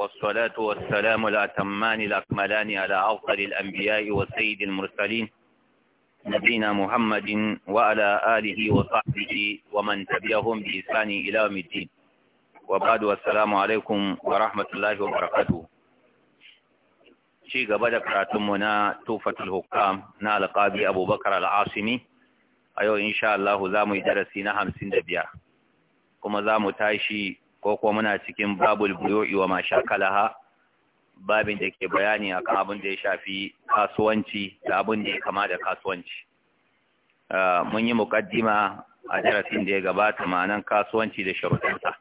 والصلاة والسلام الأتمان الأكملان على أفضل الأنبياء وسيد المرسلين نبينا محمد وعلى آله وصحبه ومن تبعهم بإحسان إلى يوم الدين وبعد والسلام عليكم ورحمة الله وبركاته شيء قبل قراتمنا توفة الحكام نال قاضي أبو بكر العاصمي أيوة إن شاء الله زامو درسينا همسين دبيار كما زامو تايشي ko kuma muna cikin babul buyo'i wa ma shakalaha babin da ke bayani a kan abin da ya shafi kasuwanci da abin da ya kama da kasuwanci ah, mun yi mukaddima a darasin da ya gabata ma'anan kasuwanci da sharuɗinsa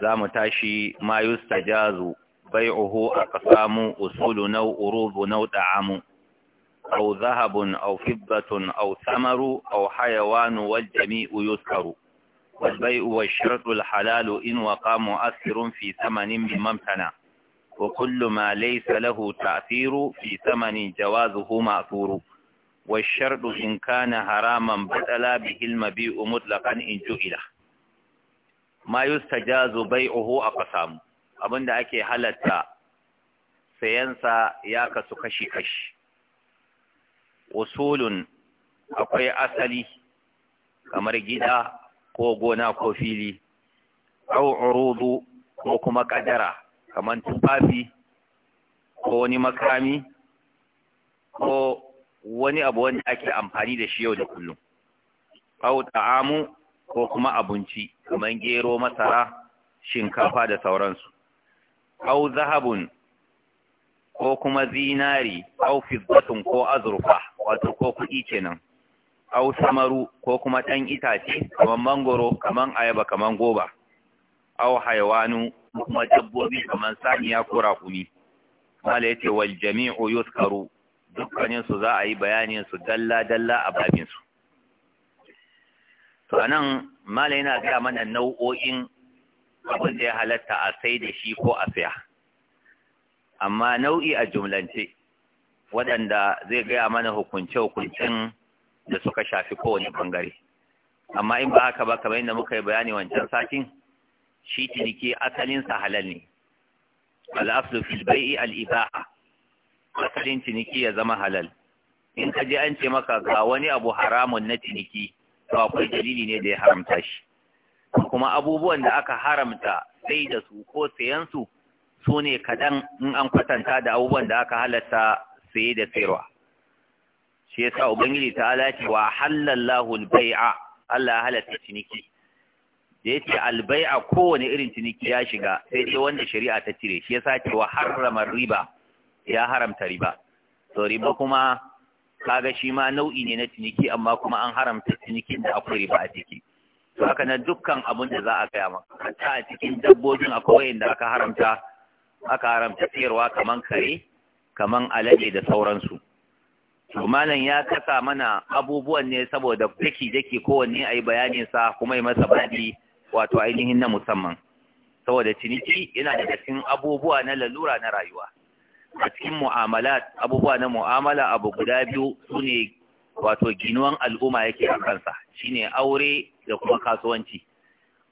za mu tashi mayus ta jazu, bai uhu bai'uhu kasamu usulu naw urubu naw da'amu Au zahabun au fiddatun au samaru, au hayawanu wal jami'u yuskaru والبيع والشرط الحلال إن وقع مؤثر في ثمن بممتنع وكل ما ليس له تأثير في ثمن جوازه مأثور والشرط إن كان حراما بطل به المبيع مطلقا إن جئله ما يستجاز بيعه أقسام abin da ake halatta sayansa ya kasu kashi-kashi usulun akwai asali kamar gida ko gona ko fili au urudu ko kuma kadara kamar tufafi ko wani makami ko wani abu wanda ake amfani da shi yau da kullum au ta'amu ko kuma abinci kaman gero masara shinkafa da sauransu au zahabun ko kuma zinari au fiddatun ko azurfa wato ko kuɗi kenan au samaru ko kuma ɗan itace kamar mangoro kamar ayaba kamar goba au haiwanu kuma dabbobi kamar saniya ko rakumi mala yace wal jami'u yuzkaru dukkanin su za a yi bayanin su dalla dalla a babin su to anan mala yana ga mana nau'o'in abin da ya halatta a sai da shi ko a saya amma nau'i a jumlance waɗanda zai gaya mana hukunce hukuncin da suka shafi kowane bangare amma in ba haka ba kamar yadda muka yi bayani wancan satin shi ciniki asalin sa halal ne al'aslu fil bai'i al ibaha asalin ciniki ya zama halal in ka je an ce maka ga wani abu haramun na ciniki to akwai dalili ne da ya haramta shi kuma abubuwan da aka haramta sai da su ko sayansu su ne kaɗan in an kwatanta da abubuwan da aka halarta saye da sayarwa shi yasa ubangiji ta ce wa halallahu albai'a Allah halatta ciniki da ya ce albai'a kowane irin ciniki ya shiga sai dai wanda shari'a ta cire shi yasa ce wa harrama riba ya haramta riba to riba kuma kaga shi ma nau'i ne na ciniki amma kuma an haramta cinikin da akwai riba a ciki to haka na dukkan abin da za a kai amma hatta a cikin dabbobin akwai wanda aka haramta aka haramta tsayarwa kaman kare kaman alade da sauransu to ya kasa mana abubuwan ne saboda daki yake kowanne ayi bayanin sa kuma yi masa baɗi, wato ainihin na musamman saboda ciniki yana da cikin abubuwa na lalura na rayuwa a cikin mu'amala, abubuwa na mu'amala abu guda biyu sune wato ginuwan al'umma yake a kansa shine aure da kuma kasuwanci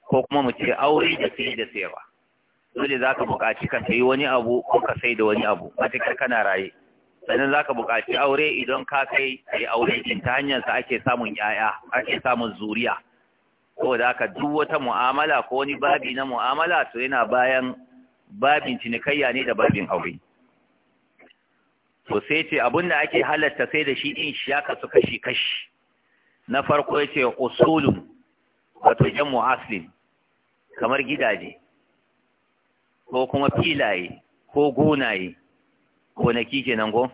ko kuma mu ce aure da sai da sayarwa dole ka buƙaci ka sayi wani abu ko ka sai da wani abu matakar kana raye sannan za ka buƙaci aure idan ka kai a aure ɗin ta hanyarsa ake samun yaya ake samun zuriya da ka duk wata mu'amala ko wani babi na mu'amala to yana bayan babin cinikayya ne da babin aure to sai ce abin da ake halatta sai da shi in shi ya kasu kashi kashi na farko ya ce usulun wato jan mu'aslin kamar gidaje ko kuma filaye ko gonaye gonaki kenan go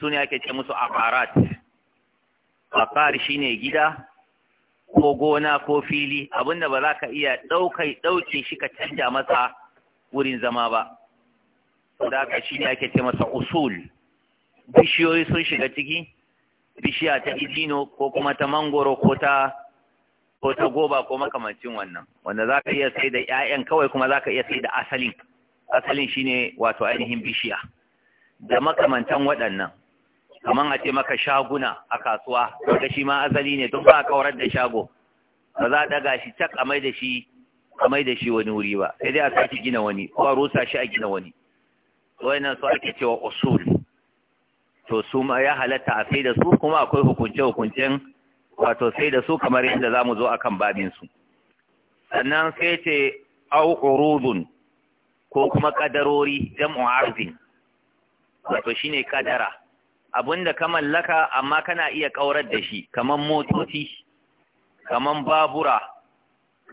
su ne ake ce musu aparat shi shine gida ko gona ko fili abinda ba za ka iya ɗaukai ɗauke shi ka canja masa wurin zama ba da aka shi ne ake ce masa usul bishiyoyi sun shiga ciki bishiya ta idino ko kuma ta mangoro ko ta ko ta goba ko makamancin wannan wanda za ka iya sai da 'ya'yan kawai kuma za ka iya sai da asalin asalin shine wato ainihin bishiya da makamantan waɗannan kaman a ce maka shaguna a kasuwa da shi ma azali ne don ba a kawar da shago ba za a daga shi cak a mai da shi a mai da shi wani wuri ba sai dai a sake gina wani ko a rusa shi a gina wani nan su ake cewa usul to su ma ya halatta a sai da su kuma akwai hukunce hukuncen wato sai da su kamar yadda za mu zo a kan babinsu sannan sai ce au urudun ko kuma kadarori jam'u arzin wato ne kadara da ka mallaka amma kana iya kaurar da shi kaman motoci kaman babura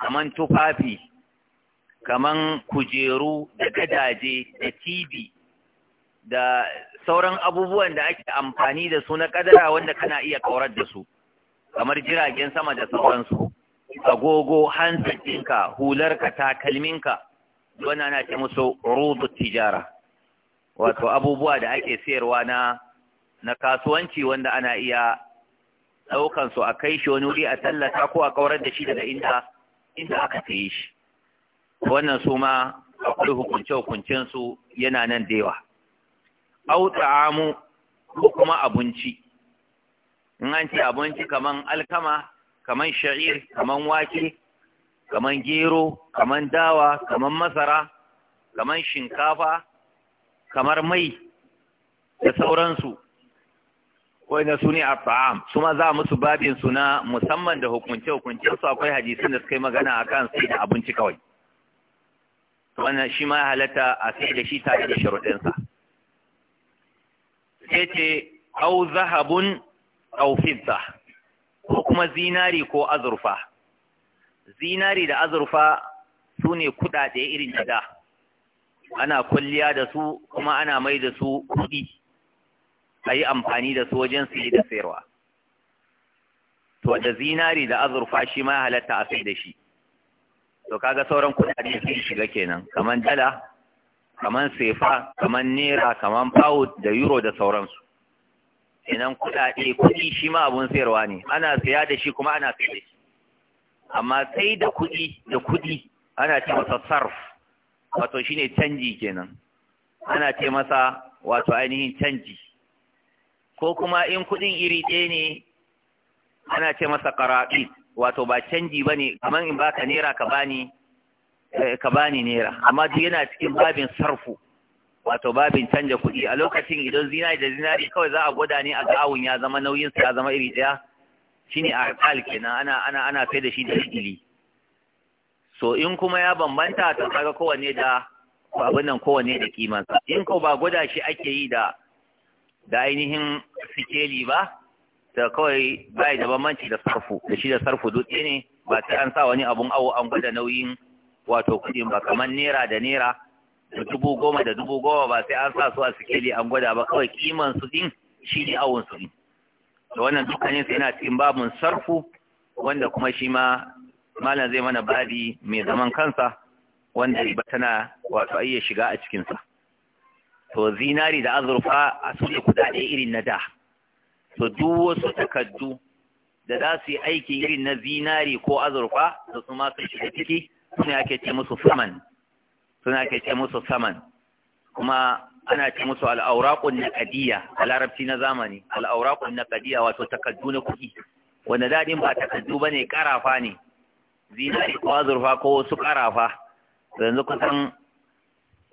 kaman tufafi kaman kujeru da gadaje da TV da sauran abubuwan da ake amfani da su na kadara wanda kana iya kaurar da su kamar jiragen sama da sauransu agogo hansakinka hularka takalminka wannan ana ce musu rudu tijara wato abubuwa da ake sayarwa na na kasuwanci wanda ana iya ɗaukan su a kai shi wani wuri a tallata ko a kaurar da shi daga inda inda aka saye shi wannan su ma akwai hukunce hukuncen su yana nan da yawa au ta'amu ko kuma abinci in an ce abinci kaman alkama kaman sha'ir kaman wake kaman gero kaman dawa kaman masara kaman shinkafa kamar mai da sauransu wanda su ne fa’am su ma za musu babinsu na musamman da hukunce hukunce su akwai hadisun da suka yi magana akan sai da abinci kawai wannan shi ma halatta a sai da shi tare da sharuɗinsa sai ce au zahabun au fidda ko kuma zinari ko azurfa zinari da azurfa su ne kuɗaɗe irin jada ana kulliya da su kuma ana mai da su kuɗi a yi amfani da su wajen da sayarwa to da zinari da azurfa shi ma halatta a sai da shi to kaga sauran su yi shiga kenan kamar dala kamar sefa kamar naira kamar pound da euro da sauransu kenan kudade kuɗi shi ma abun sayarwa ne ana saya da shi kuma ana sai da shi amma sai da kuɗi da kuɗi ana ce masa sarf wato shine canji kenan ana ce masa wato ainihin canji ko kuma in kuɗin iri ɗaya ne ana ce masa karaɗi wato ba canji ba ne kamar in baka naira ka bani eh, ka bani naira amma duk yana cikin babin sarfu wato babin canja kuɗi a lokacin idan zinari da zinari kawai za a gwada ne a gawun ya zama nauyin sa ya zama iri ɗaya shine a alkal kenan ana ana ana sai da shi da shigili so in kuma ya bambanta ta kaga kowanne da abin nan kowanne da kimansa in ko ba gwada shi ake yi da da ainihin sikeli ba ta kawai bai da bambanci da sarfu da shi da sarfu dutse ne ba sai an sa wani abun awo an gwada nauyin wato kuɗin ba kamar naira da naira da dubu goma da dubu goma ba sai an sa su a sikeli an gwada ba kawai kiman su din shi ne awon su din da wannan dukkanin su yana cikin babun sarfu wanda kuma shi ma malam zai mana babi mai zaman kansa wanda riba tana wato ayya shiga a cikinsa to zinari da azurfa a suke kudade irin na da to duk wasu takaddu da za su yi aiki irin na zinari ko azurfa da su ma shiga ciki suna ake ce musu saman suna ake ce musu saman kuma ana ce musu al'aurakun na a larabci na zamani Al'aurakun na wato takaddu na kuɗi wanda daɗin ba takaddu ba ne ƙarafa ne zinari ko azurfa ko wasu karafa yanzu kusan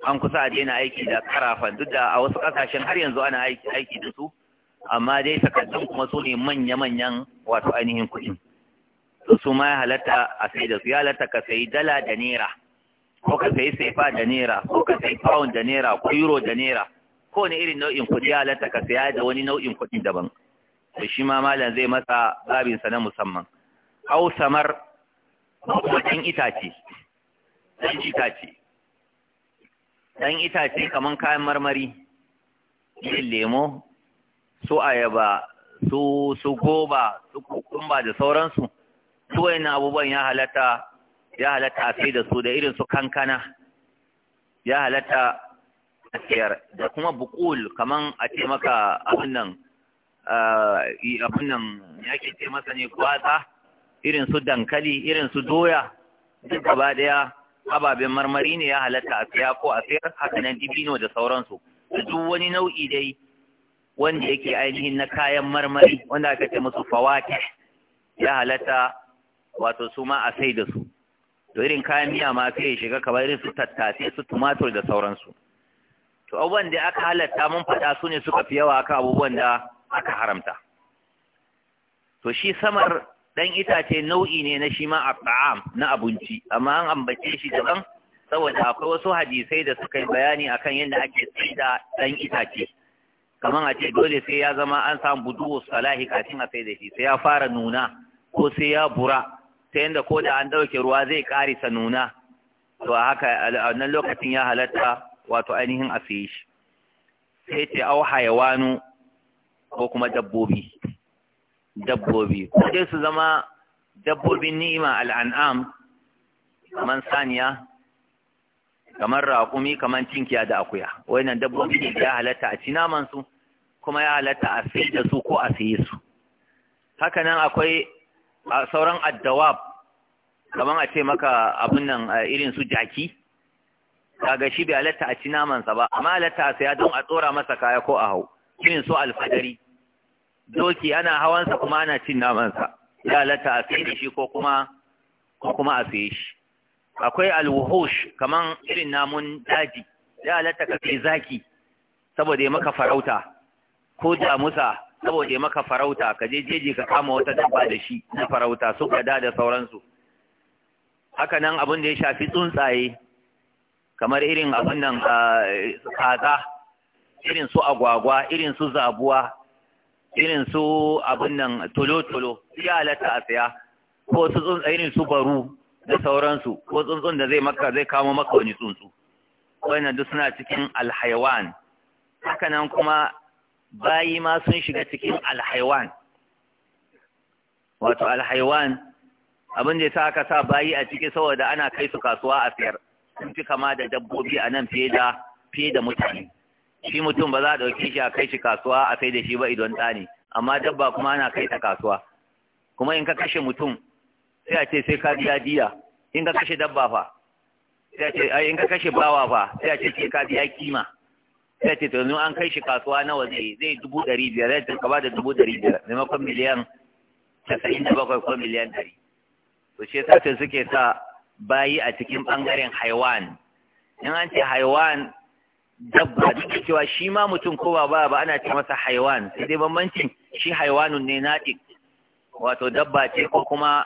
an kusa a daina aiki da karafa duk da a wasu kasashen har yanzu ana aiki da su amma dai takardun kuma su ne manya-manyan wato ainihin kuɗin su su ma ya halatta a sai da su ya halatta ka sayi dala da naira ko ka sayi saifa da naira ko ka sayi pound da naira ko euro da naira ko ne irin nau'in kuɗi ya halatta ka saya da wani nau'in kuɗi daban to shi ma malam zai masa babinsa na musamman au samar ɗan itace ɗan itace ɗan itace kaman kayan marmari irin lemo su ayaba su su goba su kukumba da sauransu su wayannan abubuwan ya halatta ya halatta a sai da su da irin su kankana ya halatta a sayar da kuma bukul kamar a ce maka abin nan eh, abin nan ya ke ce masa ne gwatsa irin su dankali irin su doya duk gaba daya ababen marmari ne ya halatta a siya ko a sayar haka nan dibino da sauransu duk wani nau'i dai wanda yake ainihin na kayan marmari wanda aka ce musu fawake ya halatta wato su ma a sai da su to irin kayan miya ma sai ya shiga kamar irin su tattasai su tumatur da sauransu to abubuwan da aka halatta mun faɗa su ne suka fi yawa kan abubuwan da aka haramta to shi samar dan itace nau'i ne na shi ma at'am na abinci amma an ambace shi daban saboda akwai wasu hadisai da suka yi bayani akan yadda ake tsaida dan itace kamar a ce dole sai ya zama an samu buduwa salahi kafin a sai da shi sai ya fara nuna ko sai ya bura ta yadda ko da an ɗauke ruwa zai karisa nuna to a haka a wannan lokacin ya halatta wato ainihin a sai shi sai ce au hayawanu ko kuma dabbobi dabbobi ko su zama dabbobin ni'ima al'an'am kamar saniya kamar raƙumi kamar cinkiya da akuya wannan dabbobi ne ya halatta a naman su kuma ya halatta a sai da su ko a saye su haka nan akwai a sauran addawab kamar a ce maka abin nan irin su jaki kaga shi bai halatta a naman sa ba amma halatta a saya don a tsora masa kaya ko a hau irin su alfadari doki ana hawansa kuma ana cin namansa ya halatta a sai shi ko kuma ko kuma a saye shi akwai alwuhush kaman irin namun daji ya halatta ka sai zaki saboda ya maka farauta ko damusa saboda ya maka farauta ka je jeji ka kama wata dabba da shi na farauta su gada da sauransu haka nan abin da ya shafi tsuntsaye kamar irin abin nan ah, kaza irin su agwagwa irin su zabuwa irin su abin nan tolo-tolo ya halatta a saya ko su tsuntsa irin su baru da sauransu ko tsuntsun da zai maka zai kamo maka wani tsuntsu wannan duk suna cikin alhaiwan hakanan kuma bayi ma sun shiga cikin alhaiwan wato alhaiwan abin da ya sa aka sa bayi a ciki saboda ana kai su kasuwa a siyar, sun fi kama da dabbobi a nan fiye fiye da mutane shi mutum ba za a ɗauki shi a kai shi kasuwa a sai da shi ba idon ɗani amma dabba kuma ana kai ta kasuwa kuma in ka kashe mutum sai a ce sai ka biya diya in ka kashe dabba fa sai a ce ai in ka kashe bawa fa sai a ce sai ka biya kima sai a ce to an kai shi kasuwa nawa zai zai dubu ɗari biyar zai ka ba da dubu ɗari biyar maimakon miliyan casa'in da bakwai ko miliyan ɗari to shi yasa suke sa bayi a cikin ɓangaren haiwan in an ce haiwan dabba duk da cewa shi ma mutum ko ba ba ba ana ce masa haiwan sai dai bambancin shi haiwanun ne naɗi wato dabba ce ko kuma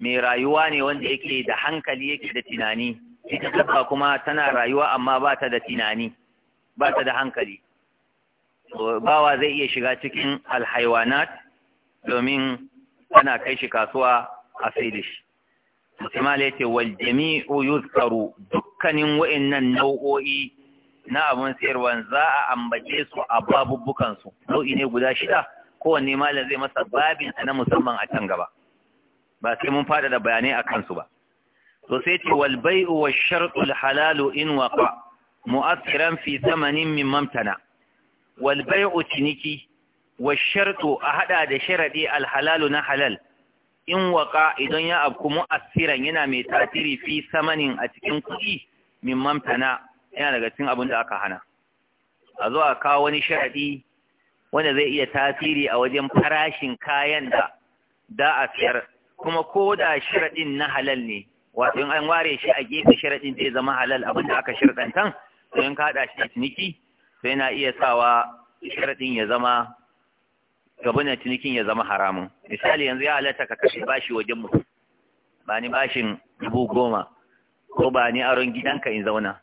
mai rayuwa ne wanda yake da hankali yake da tunani ita dabba kuma tana rayuwa amma ba ta da tunani ba ta da hankali bawa zai iya shiga cikin alhaiwanat domin tana kai shi kasuwa a filish musamman ce wal jami'u yuzkaru dukkanin wa'annan nau'o'i na abun sayarwa za a ambace su a babubukansu su nau'i ne guda shida kowanne malam zai masa babin na musamman a can gaba ba sai mun fada da bayanai a kansu ba to sai ce wal bai'u wa shartul halalu in waqa mu'akhiran fi thamanin min mamtana wal bai'u ciniki wa shartu a hada da sharadi al halalu na halal in waka idan ya abku mu'assiran yana mai tasiri fi samanin a cikin kuɗi min mamtana yana daga cikin abin da aka hana a zo a kawo wani sharadi wanda zai iya tasiri a wajen farashin kayan da da a siyar kuma ko da sharadin na halal ne wato in an ware shi a gefe sharadin zai zama halal abin da aka shirdantan to in ka hada shi ciniki to yana iya sawa sharadin ya zama gabanin cinikin ya zama haramun misali yanzu ya halatta ka kashe bashi wajen mutum ba ni bashin dubu goma ko ba ni aron gidanka in zauna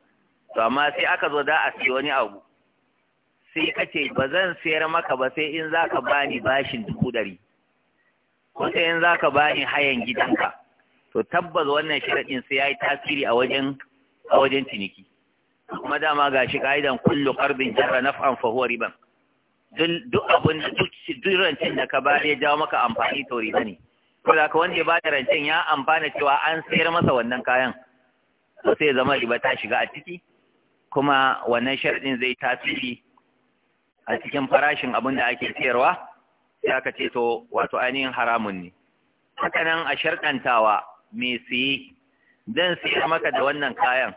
to amma sai aka zo da a ce wani abu sai ka ce ba zan sayar maka ba sai in za ka ba ni bashin dubu ɗari ko sai in za ka ba ni hayan gidanka to tabbas wannan sharaɗin sai ya yi tasiri a wajen a wajen ciniki kuma dama ga shi ka'idan kullu qardin jara na fa huwa riban duk abin da duk rancen da ka ba ya jawo maka amfani to riba ne ko da ka wanda ya bada rancen ya amfana cewa an sayar masa wannan kayan to sai zama riba ta shiga a ciki kuma wannan sharɗin zai tasiri a cikin farashin abin da ake sayarwa sai aka ce to wato ainihin haramun ne haka nan a sharɗantawa mai siye Zan siyar maka da wannan kayan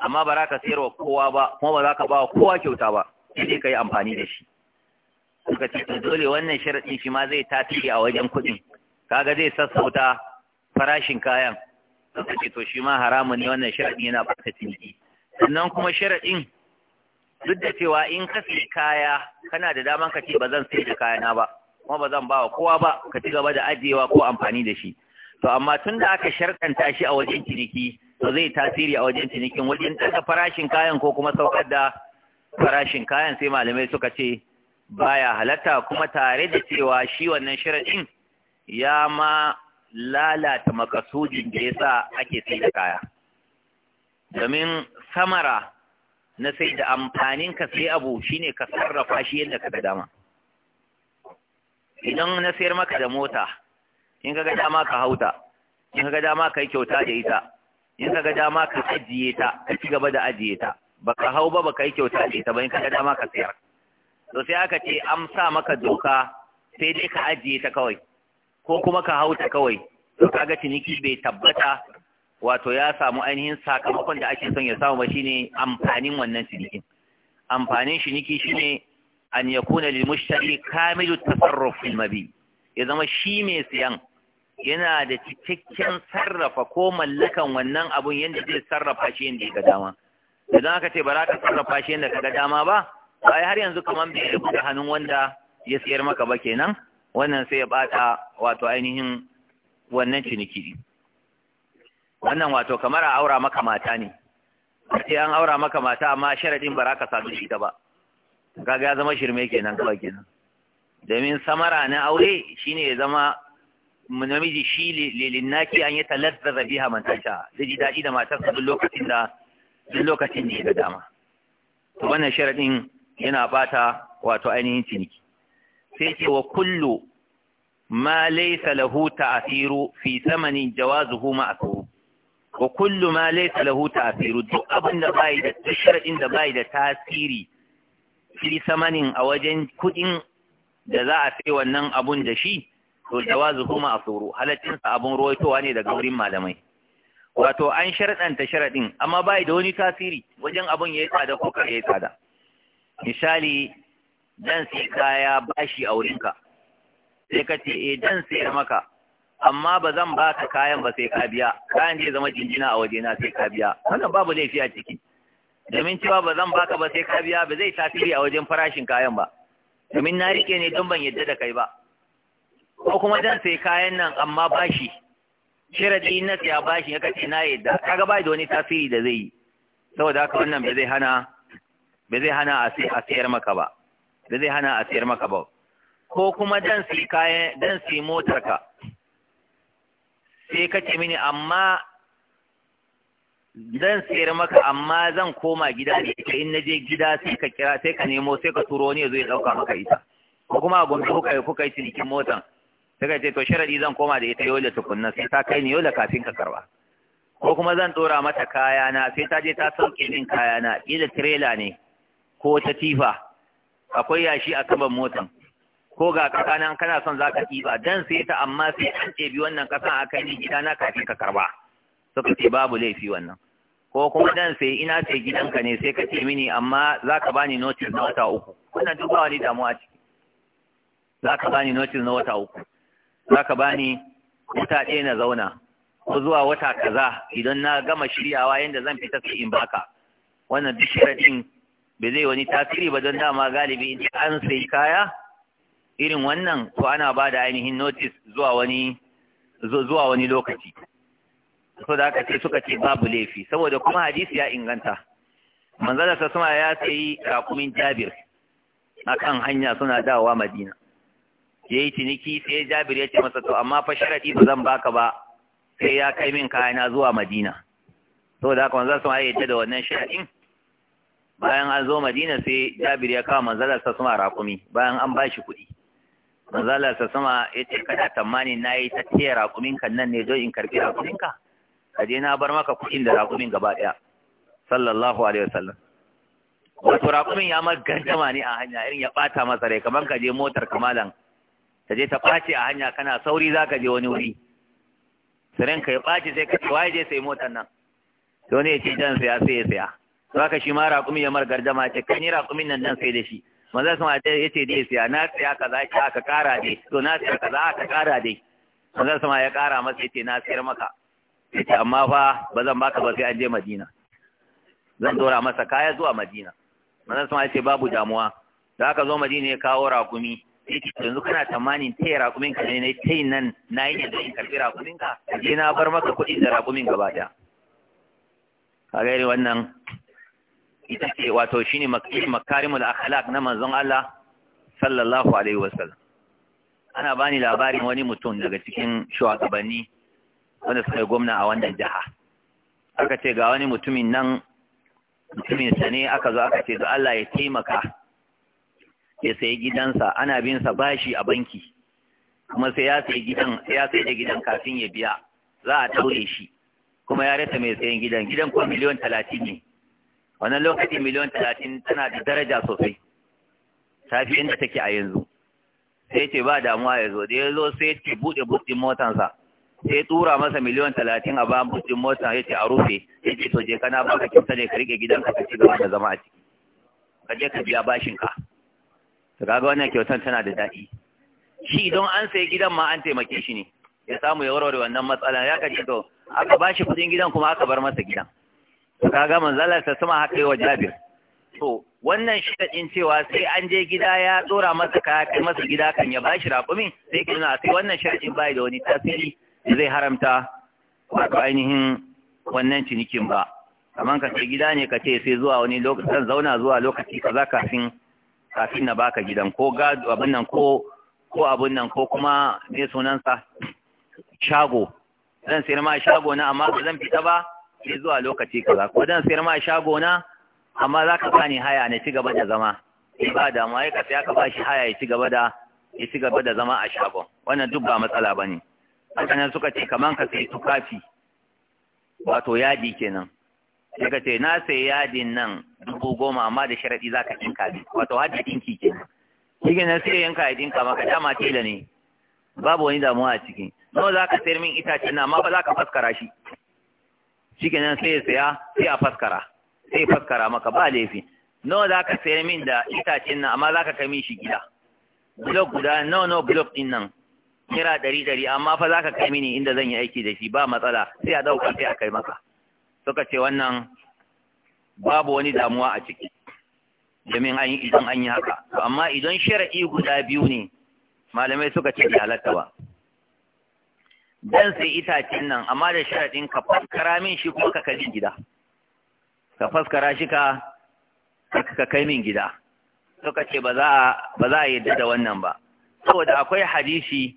amma ba za ka wa kowa ba kuma ba za ka ba wa kowa kyauta ba sai ka yi amfani da shi suka ce dole wannan sharaɗin shi ma zai tasiri a wajen kuɗin kaga zai sassauta farashin kayan suka ce to shi ma haramun ne wannan sharaɗin yana ɓata ciniki sannan kuma sharaɗin duk da cewa in ka sai kaya kana da daman ka ce ba zan sai da kayana ba kuma ba zan bawa kowa ba ka ci gaba da ajiyewa ko amfani da shi to amma tun da aka sharkanta shi a wajen ciniki to zai tasiri a wajen cinikin wajen ɗaga farashin kayan ko kuma saukar da farashin kayan sai malamai suka ce baya halatta kuma tare da cewa shi wannan sharaɗin ya ma lalata makasudin da ya sa ake sai da kaya domin samara na sai da amfanin ka sai abu shine ka sarrafa shi yadda ka ga dama idan na sayar maka da mota in ka ga dama ka hauta in ka ga dama ka yi kyauta da ita in ka ga dama ka ajiye ta ka ci gaba da ajiye ta ka hau ba ka yi kyauta da ita ba in ka ga dama ka sayar to sai aka ce an sa maka doka sai dai ka ajiye ta kawai ko kuma ka hauta kawai to kaga ciniki bai tabbata wato ya samu ainihin sakamakon da ake son ya samu ba shine amfanin wannan ciniki. amfanin shiniki shine an yakuna lil mushtari kamilu tasarruf fil mabi ya zama shi mai siyan yana da cikakken sarrafa ko mallakan wannan abun yadda zai sarrafa shi yadda ya ga dama idan aka ce ba za ka sarrafa shi yadda ka ga dama ba ai har yanzu kamar bai rubu da hannun wanda ya siyar maka ba kenan wannan sai ya bata wato ainihin wannan ciniki wannan wato kamar a aura maka mata ne sai an aura maka mata amma sharadin ba raka ka sadu shi ta ba kaga ya zama shirme kenan kawai kenan domin samara na aure shine ya zama namiji shi lilinaki an yi da biha ha tasha da ji daɗi da matarsa duk lokacin da duk lokacin da ya ga dama to wannan sharadin yana bata wato ainihin ciniki sai ce wa kullu ma laysa lahu ta'thiru fi thamanin jawazuhu ma'a wa kullu ma laysa lahu ta'siru duk abin da bai da sharadin da bai da tasiri fi samanin a wajen kudin da za a sai wannan abun da shi to jawazu kuma asuru halatin sa abun ruwaitowa ne daga wurin malamai wato an ta sharadin amma bai da wani tasiri wajen abun yayi tsada ko kar yayi tsada misali dan sai kaya bashi a wurinka sai ka ce eh dan sai maka amma ba zan ba ka kayan ba sai ka biya kayan zai zama jinjina a wajena sai ka biya wannan babu laifi a ciki domin cewa ba zan baka ba sai ka biya ba zai tasiri a wajen farashin kayan ba domin na rike ne don ban yadda da kai ba ko kuma dan sai kayan nan amma bashi sharadi na siya bashi ya kace na yadda kaga ba da wani tasiri da zai yi saboda haka wannan ba zai hana ba zai hana a siyar maka ba ba zai hana a siyar maka ba ko kuma dan sai kayan dan sai motar ka sai ka ce mini amma zan sayar maka amma zan koma gida da ita in na je gida sai ka kira sai ka nemo sai ka turo ne zai dauka maka ita ko kuma a kuka yi kuka yi cinikin motan sai ka ce to sharadi zan koma da ita yola tukunna sai ta kai ni yola kafin ka karba ko kuma zan dora mata kaya na sai ta je ta sauke min kaya na ila trailer ne ko ta tifa akwai yashi a saman motan ko ga kakanan nan kana son za ka ɗiba dan sai ta amma sai an ɗebi wannan kasan a kai gida na kafin ka karba suka ce babu laifi wannan ko kuma dan sai ina ce gidanka ne sai ka ce mini amma za ka bani notice na wata uku wannan duk ba wani damuwa ciki za ka bani notice na wata uku za ka bani wata ɗaya na zauna ko zuwa wata kaza idan na gama shiryawa yadda zan fita sai in baka wannan duk sharaɗin bai zai wani tasiri ba don dama galibi in an sai kaya irin wannan to ana ba da ainihin notice zuwa wani zuwa wani lokaci so da aka ce suka ce babu laifi saboda kuma hadisi ya inganta manzala ta sama ya sayi rakumin jabir akan hanya suna dawowa madina ya yi ciniki sai jabir ya ce masa to amma fa sharadi ba zan baka ba sai ya kai min kayana zuwa madina so da haka manzala sama ya da wannan sharadin bayan an zo madina sai jabir ya kawo manzala ta sama rakumi bayan an bashi kuɗi manzala sa sama ya ce kada tamani na yi ta rakumin raƙuminka nan ne don in karɓi raƙuminka ka je na bar maka kuɗin da raƙumin gaba ɗaya sallallahu alaihi wasallam wato raƙumin ya ma gantama ne a hanya irin ya ɓata masa rai kamar ka je motar kamalan Ka je ta ɓace a hanya kana sauri za ka je wani wuri siren ka ya ɓace sai ka ce waye je sai motar nan to ne ya ce jan siya sai ya saya Za ka shi ma raƙumin ya mar gardama ce kan yi raƙumin nan dan sai da shi manzo sama ta ce dai siya na siya kaza ki aka kara dai to na siya kaza aka kara dai manzo sama ya kara masa yace na siyar maka yace amma fa ba zan baka ba sai an je Madina zan dora masa kaya zuwa Madina manzo sama ce babu damuwa da aka zo Madina ya kawo rakumi yace yanzu kana tamanin taya rakumin ka ne yi nan na yi da in karbi rakumin ka je na bar maka kuɗi da rakumin gaba daya kaga irin wannan ita ce wato shine makarimul akhlaq na manzon Allah sallallahu alaihi wasallam ana bani labarin wani mutum daga cikin shugabanni wanda suka gwamna a wannan jiha aka ce ga wani mutumin nan mutumin sa ne aka zo aka ce to Allah ya taimaka ya sayi gidansa ana bin sa bashi a banki kuma sai ya sayi gidan ya sayi da gidan kafin ya biya za a taure shi kuma ya rasa mai sayan gidan gidan ko miliyon talatin ne wannan lokacin miliyan talatin tana da daraja sosai ta fi inda take a yanzu sai ce ba damuwa ya zo da ya zo sai ce buɗe buɗin motansa sai tura masa miliyan talatin a bayan buɗin motan ya ce a rufe ya ce to je kana baka kyauta ne ka riƙe gidanka ka ci gaba da zama a ciki ka je ka biya bashin bashinka to kaga wannan kyautan tana da daɗi shi idan an sayi gidan ma an taimake shi ne ya samu ya warware wannan matsala ya ka ce to aka bashi kuɗin gidan kuma aka bar masa gidan ka manzala ta sama haka yi wa jabir to wannan kadin cewa sai an je gida ya tsora masa kaya kai masa gida kan ya bashi raƙumi sai ke nuna sai wannan shaɗin bai da wani tasiri zai haramta wato ainihin wannan cinikin ba kamar ka ce gida ne ka ce sai zuwa wani lokaci zan zauna zuwa lokaci kaza kafin kafin na baka gidan ko ga abin nan ko ko abin nan ko kuma me sunansa shago zan sayar ma shago na amma ba zan fita ba sai zuwa lokaci kaza ko dan sayar ma shago na amma za ka bani haya na ci gaba da zama sai eh, ba da mai ka sai ka bashi haya ya ci gaba da ya ci gaba da zama a shagon wannan duk ba matsala bane kana suka ce kaman ka sai tufafi wato yadi kenan suka ce na sai yadin nan dubu goma amma da sharaɗi za ka ɗinka ne wato har da ɗinki kenan shi na sai yanka ya ɗinka maka dama tilani babu wani damuwa a ciki nawa za ka sayar min itacen nan amma ba za ka faskara shi shikenan sai ya saya sai a faskara sai faskara maka ba laifi nawa za ka saya min da itacen nan amma za ka kai min shi gida blok guda nawa nawa blok din nan Kira ɗari ɗari amma fa za ka kai mini inda zan yi aiki da shi ba matsala sai a ɗauka sai a kai maka suka ce wannan babu wani damuwa a ciki domin an idan an yi haka amma idan shara'i guda biyu ne malamai suka ce da halatta ba dan sai itacen nan amma da sharaɗin ka faskara min shi kuma ka kai min gida ka faskara shi ka ka kai min gida suka ce ba za a yadda da wannan ba saboda akwai hadisi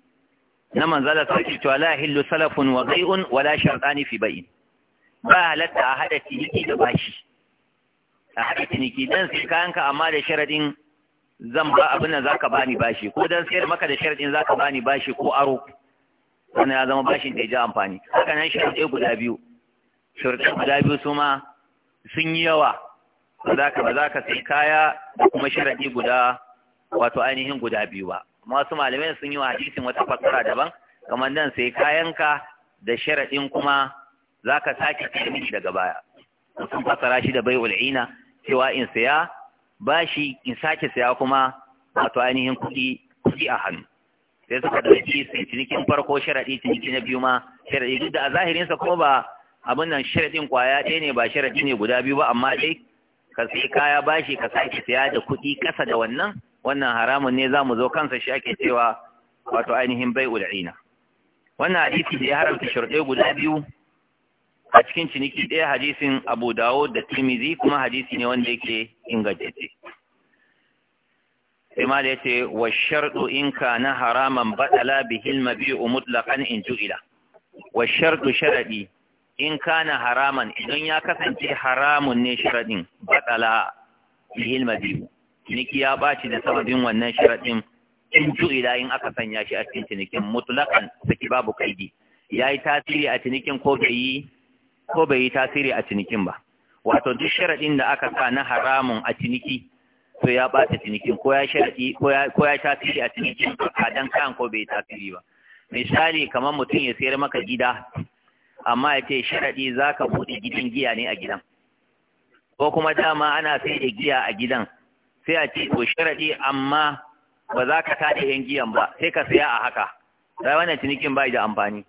na manzala sarki to la hillu salafun wa qai'un wa la shartani fi bai'in ba halatta a hada ciniki da bashi a hada ciniki dan sai ka amma da sharadin zan ba abin nan zaka bani bashi ko dan sayar maka da sharadin zaka bani bashi ko aro wani ya zama bashin da ya ji amfani haka nan sharuɗe guda biyu sharuɗe guda biyu su ma sun yi yawa ba za ka ba za ka sai kaya da kuma sharaɗi guda wato ainihin guda biyu ba masu malamai sun yi wa hadisin wata fassara daban kamar nan sai kayanka da sharaɗin kuma za ka sake kai daga baya sun fassara shi da bai ul'ina cewa in saya bashi in sake saya kuma wato ainihin kuɗi kuɗi a hannu sai suka dauki cinikin farko sharaɗi, ciniki na biyu ma Sharaɗi duk da a zahirin sa kuma ba abin nan sharaɗin kwaya ɗaya ne ba sharaɗi ne guda biyu ba amma dai ka sai kaya bashi ka sake saya da kuɗi ƙasa da wannan wannan haramun ne za mu zo kansa shi ake cewa wato ainihin bai ina wannan hadisi da ya haramta sharuɗe guda biyu a cikin ciniki ɗaya hadisin Abu dawo da tirmizi kuma hadisi ne wanda yake ingantacce sai ya ce wa shardu in ka na haraman baɗala bihi al-mabi'u mutlaqan in ju'ila wa shardu sharadi in ka na haraman idan ya kasance haramun ne sharadin baɗala bihi mabiu niki ya baci da sababin wannan sharadin in ju'ila in aka sanya shi a cikin cinikin mutlaqan saki babu kaidi yi tasiri a cinikin ko bai yi ko bai yi tasiri a cinikin ba wato duk sharadin da aka sa na haramun a ciniki to ya ɓata cinikin ko ya sharadi ko ya tasiri a cinikin a dan kayan ko bai tasiri ba misali kamar mutum ya sayar maka gida amma ya ce sharadi ka buɗe gidan giya ne a gidan ko kuma dama ana sai da giya a gidan sai a ce ko sharadi amma ba za ka tada yan giyan ba sai ka saya a haka sai wannan cinikin bai da amfani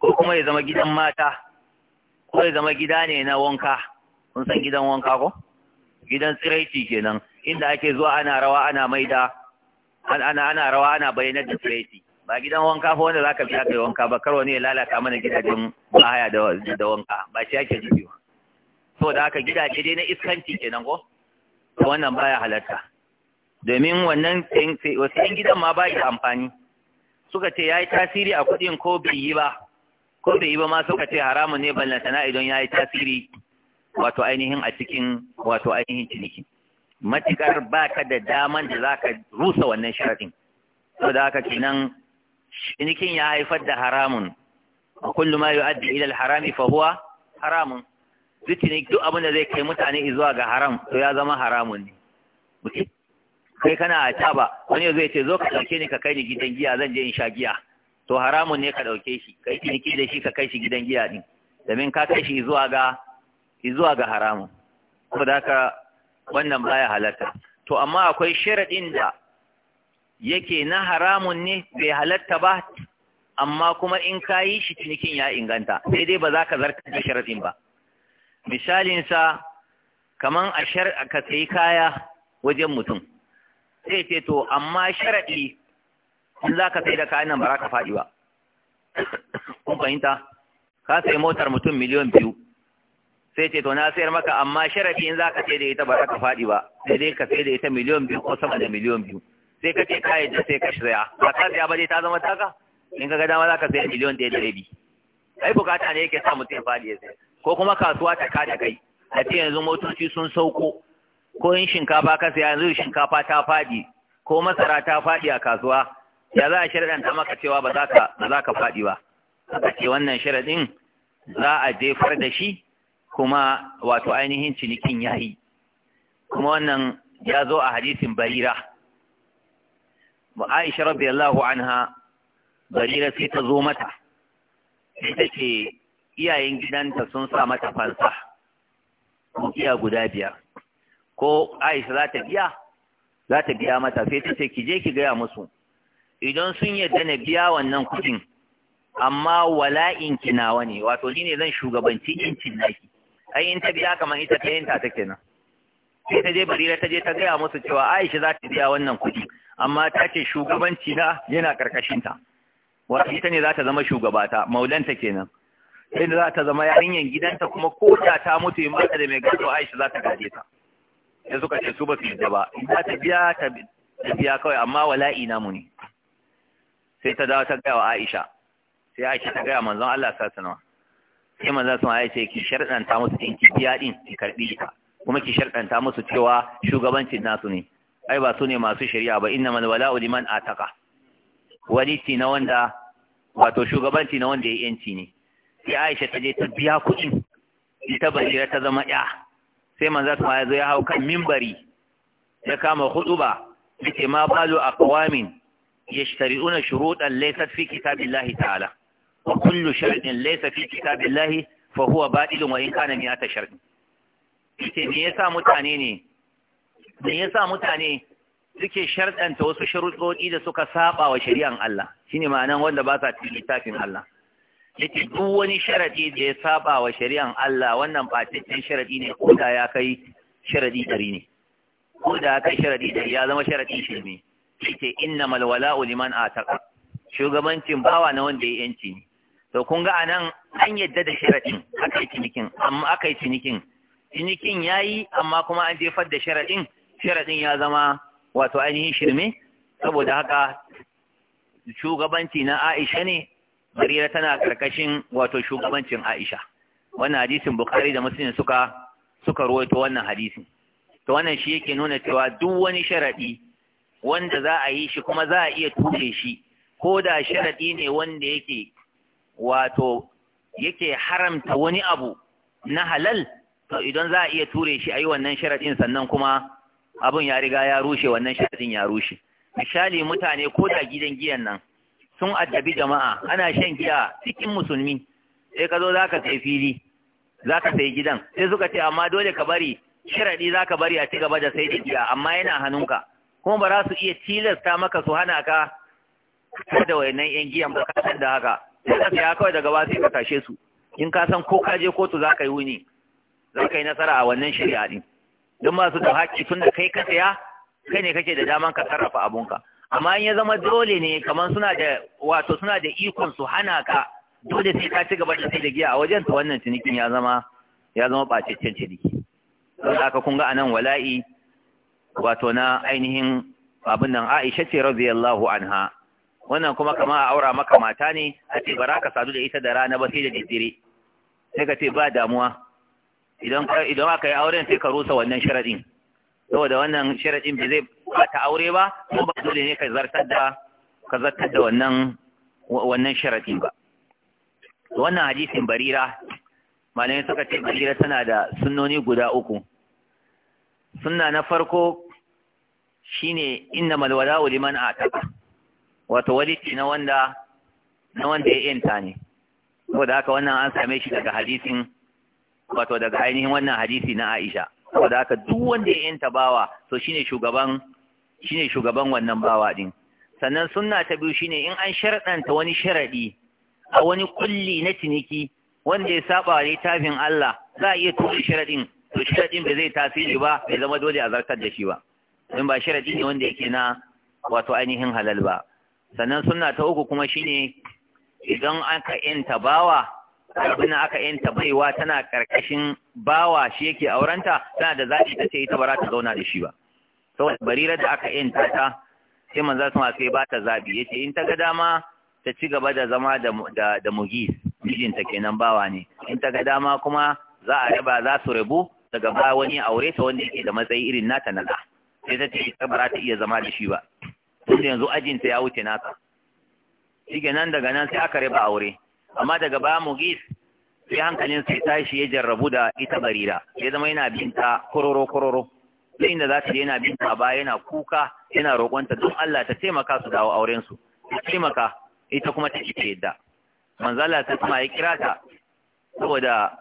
ko kuma ya zama gidan mata ko ya zama gida ne na wanka kun san gidan wanka ko gidan tsiraici kenan inda ake zuwa ana rawa ana maida ana ana rawa ana bayyana da tsiraici ba gidan wanka fa wanda zaka fita kai wanka ba karwa ne ya lalata mana gidajen bahaya da da wanka ba shi yake nufi ba da haka gidaje dai na iskanci kenan ko to wannan baya halarta domin wannan wasu yan gidan ma ba ya amfani suka ce ya yi tasiri a kuɗin ko bai yi ba ko bai yi ba ma suka ce haramun ne ballantana idan ya yi tasiri wato ainihin a cikin wato ainihin ciniki ba ka da daman da za ka rusa wannan sharadin saboda haka kenan cinikin ya haifar da haramun A kullum ma yi ilal harami fa huwa haramun duk cinikin duk abin da zai kai mutane zuwa ga haram to ya zama haramun ne kai kana a taba wani zai ce zo ka ɗauke ni ka kai ni gidan giya zan je in sha giya to haramun ne ka ɗauke shi kai ciniki da shi ka kai shi gidan giya ɗin. domin ka kai shi zuwa ga zuwa ga haramun saboda haka wannan baya halatta to amma akwai sharadin da yake na haramun ne bai halatta ba amma kuma in kayi yi shi cinikin ya inganta sai dai ba za ka zarta da sharadin ba misalinsa kaman a shar ka sayi kaya wajen mutum sai ce to amma sharadi in za ka sai da kayan nan ba za ka faɗi ba kun fahimta ka sai motar mutum miliyan biyu sai ce to na sayar maka amma sharafi in zaka sai da ita ba za ka faɗi ba sai dai ka sai da ita miliyon biyu ko sama da miliyon biyu sai ka ce kayan da sai ka saya ba ka saya ba dai ta zama taka in ka ga dama za ka sayar miliyon ɗaya da rabi ai bukata ne yake sa mutum ya faɗi ya sayar ko kuma kasuwa ta kada kai a ce yanzu motoci sun sauko ko in shinkafa ka saya yanzu shinkafa ta faɗi ko masara ta faɗi a kasuwa ya za a ta maka cewa ba za ka faɗi ba aka ce wannan sharaɗin za a jefar da shi kuma wato ainihin cinikin ya yi kuma wannan ya zo a hadisin barira ba aisha radiyallahu anha barira sai ta zo mata sai ta ce iyayen gidanta sun sa mata fansa iya guda biyar ko aisha za ta biya za ta biya mata sai ta ce ki je ki gaya musu idan sun yarda na biya wannan kuɗin amma wala'inki nawa ne wato ni ne zan shugabanci yancin naki ai in ta biya kamar ita ta yanta ta kenan sai ta je barira ta je ta gaya musu cewa aisha za ta biya wannan kuɗi amma ta ce shugabanci na yana karkashinta wato ita ne za ta zama shugabata maulanta kenan sai za ta zama yarinyar gidanta kuma ko da ta mutu in mata da mai gado aisha za ta gaje ta sai suka ce su ba su yadda ba in za ta biya ta biya kawai amma wala'i mu ne sai ta dawo ta gaya wa aisha sai aisha ta gaya manzon Allah sa sanawa sai manzo sun ya ce ki sharɗanta musu in ki biya din ki karbi ta kuma ki sharɗanta musu cewa shugabancin nasu ne ai ba su ne masu shari'a ba inna man wala'u liman ataka waliti na wanda wato shugabanci na wanda ya yanci ne sai Aisha ta je ta biya kuɗin ita Barira ta zama ya sai manzo sun ya zo ya hau kan minbari ya kama huduba yace ma balu aqwamin yashtari'una shuruɗan laysat fi kitabillahi ta'ala wa kullu shartin laysa fi kitabillahi fa huwa batilun wa in kana mi'ata shart ce me yasa mutane ne me yasa mutane suke shardanta wasu sharuɗoɗi da suka saba wa shari'an Allah shine ma'anan wanda ba sa cikin littafin Allah yake duk wani sharadi da ya saba wa shari'an Allah wannan cikin sharadi ne ko da ya kai sharadi dari ne ko da ya kai sharadi dari ya zama sharadi shi ne yake innamal wala'u liman ataqa shugabancin bawa na wanda ya yanci ne to kun ga anan an yadda da sharaɗin, aka yi cinikin amma aka yi cinikin cinikin ya yi, amma kuma an jefar da sharaɗin, sharaɗin ya zama wato ainihin shirme saboda haka shugabanci na Aisha ne Barira tana karkashin wato shugabancin Aisha wannan hadisin Bukhari da Muslim suka suka ruwaito wannan hadisin to wannan shi yake nuna cewa duk wani sharaɗi wanda za a yi shi kuma za a iya ture shi ko da sharaɗi ne wanda yake wato yake haramta wani abu na halal to idan za a iya ture shi a yi wannan sharaɗin sannan kuma abin ya riga ya rushe wannan sharaɗin ya rushe misali mutane ko da gidan giyan nan sun addabi jama'a ana shan giya cikin musulmi sai ka zo za ka sai fili za ka sai gidan sai suka ce amma dole ka bari sharaɗi za ka bari a ci gaba da sai da giya amma yana hannunka kuma ba za su iya tilasta maka su hana ka da wayannan yan giyan ba da haka sai ka kawai daga wasu ka tashe su in ka san ko ka je kotu za ka yi wuni za ka yi nasara a wannan shari'a din don masu da haƙƙi tun da kai ka saya kai ne kake da daman ka sarrafa abunka amma in ya zama dole ne kamar suna da wato suna da ikon su hana ka dole sai ka ci gaba da sai da giya a wajen ta wannan cinikin ya zama ya zama ɓacaccen ciniki don haka kun ga anan wala'i wato na ainihin abin nan Aisha ce radiyallahu anha wannan kuma kama a aura maka mata ne a ce ba za ka sadu da ita da rana ba sai da daddare sai ka ce ba damuwa idan idan aka yi auren sai ka rusa wannan sharadin saboda wannan sharadin bai zai bata aure ba ko ba dole ne ka zartar da ka zartar da wannan wannan sharadin ba wannan hadisin barira malamai suka ce barira tana da sunnoni guda uku sunna na farko shine innamal wala'u liman ataka wato walici na wanda na wanda ya yanta ne saboda haka wannan an same shi daga hadisin wato daga ainihin wannan hadisi na Aisha saboda haka duk wanda ya yanta bawa to shine shugaban shine shugaban wannan bawa din sannan sunna ta biyu shine in an sharɗanta wani sharadi a wani kulli na ciniki wanda ya saba wa littafin Allah za a iya tura sharadin to sharadin ba zai tasiri ba bai zama dole a zartar da shi ba in ba sharadi ne wanda yake na wato ainihin halal ba sannan suna ta uku kuma shine idan aka yanta bawa abin aka yanta baiwa tana karkashin bawa shi yake aurenta tana da zaɓi ta ce ita ba za ta zauna da shi ba saboda barira da aka yanta ta sai manzo masu sai ba ta ya ce, in ta ga dama ta ci gaba da zama da da, da mugis mijinta kenan bawa ne in ta ga dama kuma za a raba za su rabu daga ba wani aure ta wanda yake da matsayi irin nata na da sai ta ce ita ba za ta iya zama da shi ba tunda yanzu ajinta ya wuce naka shige nan daga nan sai aka raba aure amma daga baya mugis sai hankalin sai tashi ya jarrabu da ita barira ya zama yana binta kororo kororo sai inda za ta yana binta baya yana kuka yana roƙonta don Allah ta taimaka su dawo auren su ta taimaka ita kuma ta ita yadda manzo Allah ta kuma ya kira ta saboda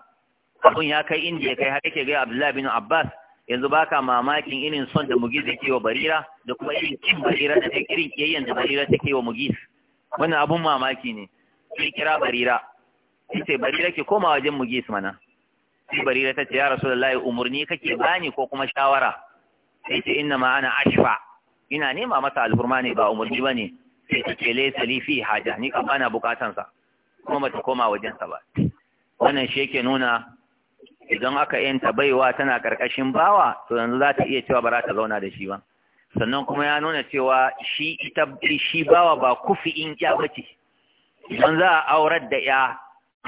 abun ya kai inda ya kai har yake ga Abdullahi bin Abbas yanzu baka mamakin irin son da mugiz yake wa barira da kuma irin kin barira da take irin kiyayyen da barira take wa mugis. wannan abun mamaki ne sai kira barira sai barira ke koma wajen mugis mana sai barira ta ce ya rasulullahi umurni kake bani ko kuma shawara sai ce inna ma ana ashfa ina nema masa alfurma ne ba umurni bane sai ta ce laysa li fi haja ni kan bana bukatansa kuma bata koma wajen sa ba wannan shi yake nuna idan aka yanta baiwa tana karkashin bawa to yanzu za ta iya cewa ba za ta zauna da shi ba sannan kuma ya nuna cewa shi ita shi bawa ba in ya bace idan za a aurar da ya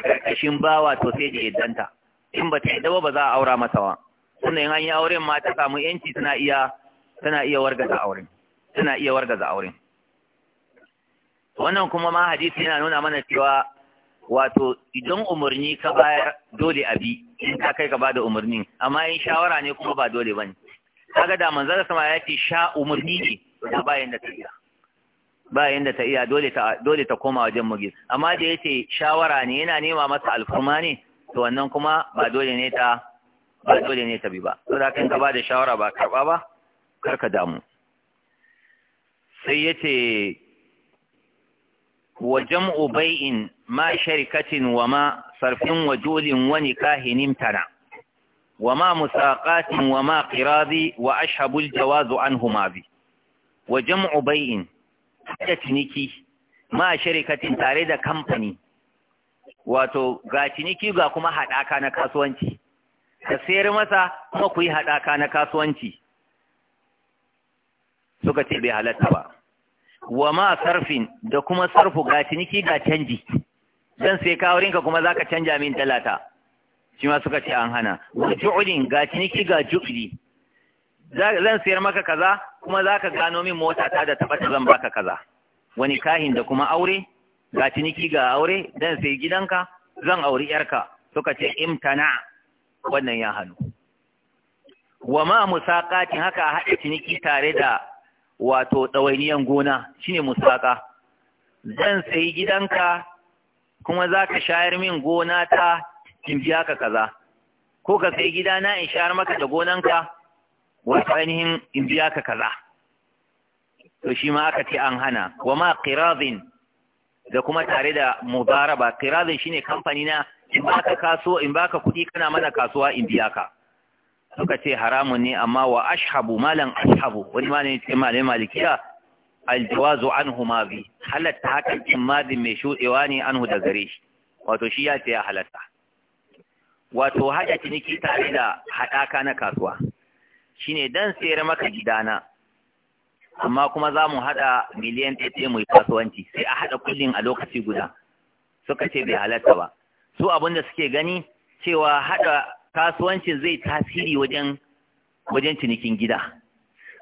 karkashin bawa to sai da yaddanta in ba ta yadda ba za a aura masa ba sannan in an yi auren ma ta samu yanci tana iya tana iya wargaza auren tana iya wargaza auren wannan kuma ma hadisi yana nuna mana cewa wato idan umarni ka bayar dole a bi in ka kai ka bada umarnin amma in shawara ne kuma ba dole bane kaga da da sama ya ce sha umarni ne da ba yanda ta iya ba yanda ta iya dole ta dole ta koma wajen mugi amma da yace shawara ne yana nema masa alfurma ne to wannan kuma ba dole ne ta ba dole ne ta bi ba to da kanka ka bada shawara ba karba ba kar ka damu sai yace wa jam'u bai'in ma شركة wa ma sarfin ونكاه نمتنع wa مساقات وما wa ma الجواز wa ma qiradi wa ashabul jawazu anhuma bi wa da ciniki ma tare da kamfani wato ga ciniki ga kuma haɗaka na kasuwanci ka sayar masa kuma ku yi haɗaka na kasuwanci suka ce bai halatta ba wa ma sarfin da kuma sarfu ga ciniki ga canji zan sai kawarin kuma zaka canja min talata shi ma suka ce an hana ga ju'lin ga ciniki ga ju'li zan sayar maka kaza kuma zaka gano min mota ta da tabbata zan baka kaza wani kahin da kuma aure ga ciniki ga aure zan sai gidanka zan auri yarka suka ce imtana wannan ya hannu wa ma musaqatin haka a haɗa ciniki tare da wato ɗawainiyan gona shine musaka zan sayi gidanka kuma za ka shayar min gona ta in biya ka kaza ko ka gida gidana in shayar maka da gonanka wasu ainihin in biya ka kaza to shi ma aka ce an hana wa ma kirazin da kuma tare da mudaraba qiradin shine kamfani na in baka kaso in ka kuɗi kana mana kasuwa in biya ka suka ce haramun ne amma wa ashabu malan ashabu wani ne cikin malamin malikiya aljawazu anhu ma bi halatta hakan in mai shuɗewa ne anhu da gare shi wato shi ya ce ya halatta wato haɗa ciniki tare da haɗaka na kasuwa shine dan tsere maka gidana amma kuma za mu haɗa miliyan ɗaya mai kasuwanci sai a haɗa kullum a lokaci guda suka ce bai halatta ba su abin da suke gani cewa haɗa kasuwancin zai tasiri wajen wajen cinikin gida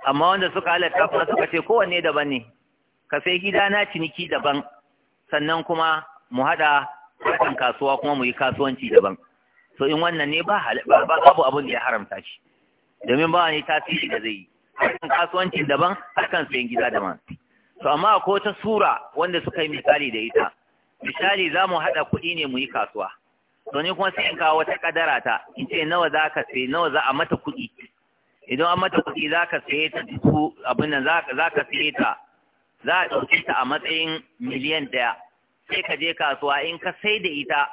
amma wanda suka halatta kuma suka ce kowanne daban ne ka sai gida na ciniki daban sannan kuma mu haɗa kan kasuwa kuma mu yi kasuwanci daban so in wannan ne ba ba babu abin da ya haramta shi domin ba wani tasiri da zai yi kan kasuwanci daban kan sayan gida daban to amma ko ta sura wanda suka yi misali da ita misali za mu haɗa kuɗi ne mu yi kasuwa to kuma sai in kawo wata kadara ta in ce nawa za ka sai nawa za a mata kuɗi idan an mata kuɗi za ka saye ta dubu abin nan za ka saye ta za a ɗauke ta a matsayin miliyan ɗaya sai ka je kasuwa in ka sai da ita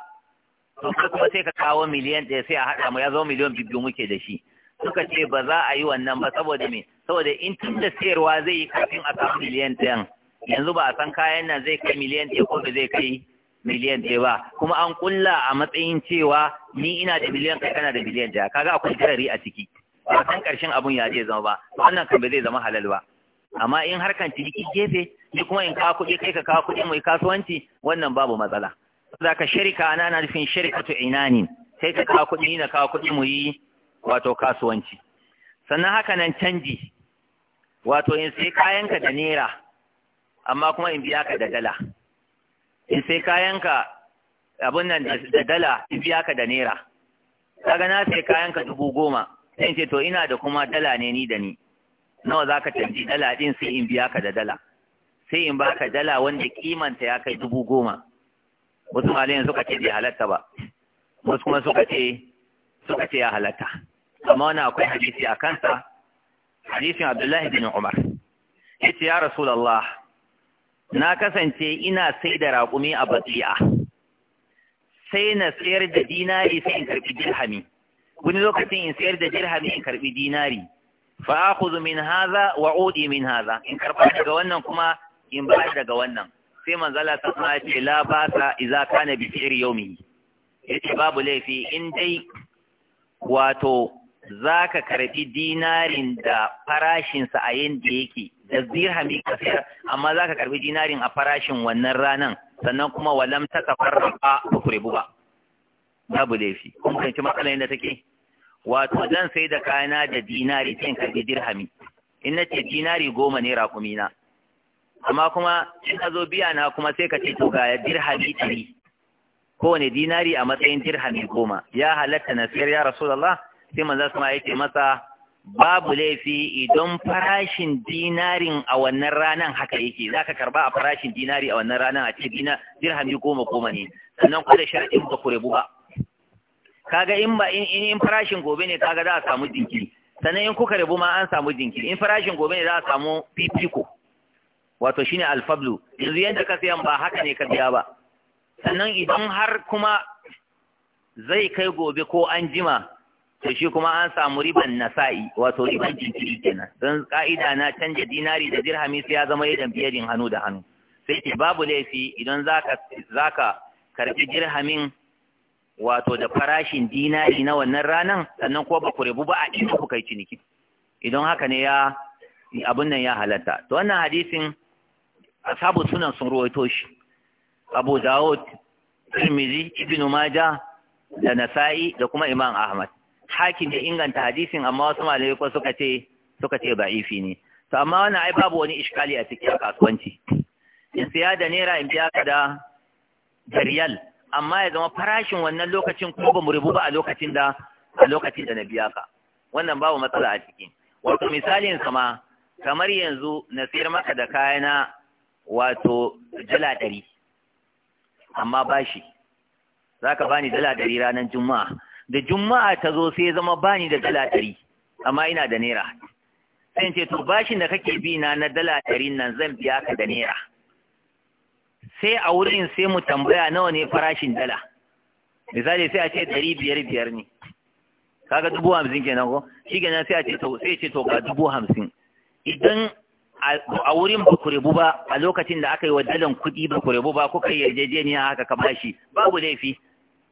to kuma sai ka kawo miliyan ɗaya sai a haɗa mu ya zama miliyan biyu muke da shi suka ce ba za a yi wannan ba saboda me saboda in tun da sayarwa zai yi kafin a samu miliyan ɗayan yanzu ba a san kayan nan zai kai miliyan ɗaya ko da zai kai miliyan ɗaya ba kuma an kulla a matsayin cewa ni ina da miliyan kai kana da miliyan ɗaya kaga akwai jari a ciki ba san karshen abun ya je zama ba wannan kan zai zama halal ba amma in harkan ki gefe ni kuma in kawo kuɗi kai ka kawo kuɗi mai kasuwanci wannan babu matsala ka sharika ana na nufin ina ne, sai ka kawo kuɗi na kawo kuɗi mu yi wato kasuwanci sannan haka nan canji wato in sai kayanka da naira amma kuma in biya ka da dala in sai kayanka abin nan da dala in biya ka da naira kaga na sai kayanka dubu goma sai ce to ina da kuma dala ne ni da ni nawa za ka canji dala din sai in biya ka da dala sai in baka dala wanda kimanta ya kai dubu goma wasu malayan suka ce bai halatta ba wasu kuma suka ce suka ce ya halatta amma wani akwai hadisi a kansa hadisin abdullahi bin umar ya ce ya rasulallah na kasance ina sai da raƙumi a batsiya sai na sayar da dinari sai in karɓi dirhami wani lokacin in sayar da dirhami in karbi dinari fa akhudhu min hadha wa udi min hadha in karba daga wannan kuma in ba daga wannan sai manzala ta kuma ce la ba sa idza kana bi fi'ri yawmi yace babu laifi in dai wato zaka karbi dinarin da farashin sa a yanda yake da dirhami ka sayar amma zaka karbi dinarin a farashin wannan ranan sannan kuma walam ta ba ku ba babu laifi kuma kan fahimci matsalar yadda take wato zan sai da kayana da dinari cin in dirhami in na ce dinari goma ne raƙumina amma kuma in ka zo biya na kuma sai ka ce to ga dirhami ɗari kowane dinari a matsayin dirhami goma ya halatta na sayar ya Allah? sai su ma ya ce masa babu laifi idan farashin dinarin a wannan ranan haka yake za ka karba a farashin dinari a wannan ranan a ce dirhami goma goma ne sannan kuma da sharɗin ba ku rabu ba kaga in ba in farashin gobe ne kaga za a samu jinkiri sannan in kuka rabu ma an samu jinkiri in farashin gobe ne za a samu fifiko wato shine alfablu yanzu yanda ka sayan ba haka ne ka biya ba sannan idan har kuma zai kai gobe ko an jima to shi kuma an samu riban nasa'i wato riban jinkiri kenan don ka'ida na canja dinari da dirhami sai ya zama yadda biyarin hannu da hannu sai ce babu laifi idan zaka zaka karbi dirhamin wato da farashin dinari na wannan ranan sannan kuma ba ku rabu ba a inda kuka yi ciniki idan haka ne ya abin nan ya halatta to wannan hadisin asabu sunan sun ruwaito shi Abu Dawud Tirmidhi Ibn Majah da Nasa'i da kuma Imam Ahmad Hakin ya inganta hadisin amma wasu malamai ko suka ce suka ce ba'ifi ne to amma wannan ai babu wani iskali a cikin kasuwanci in siya da naira in biya ka da riyal amma ya zama farashin wannan lokacin ko ba mu rubu ba a lokacin da a lokacin da na biya ka wannan babu matsala a cikin. wato misalin sama kamar yanzu na sayar maka da kayana wato dala ɗari amma bashi za ka bani dala ɗari ranar juma'a da juma'a ta zo sai zama bani da dala ɗari amma ina da naira sai ce to bashin da kake bi na na dala ɗari nan zan biya ka da naira sai a wurin sai mu tambaya nawa ne farashin dala misali sai a ce ɗari biyar biyar ne kaga dubu hamsin kenan ko shi kenan sai a ce to sai ce to ga dubu hamsin idan a wurin ba ku rebu ba a lokacin da aka yi wa dalan kuɗi ba ku rebu ba kuka yarjejeniya haka ka bashi babu laifi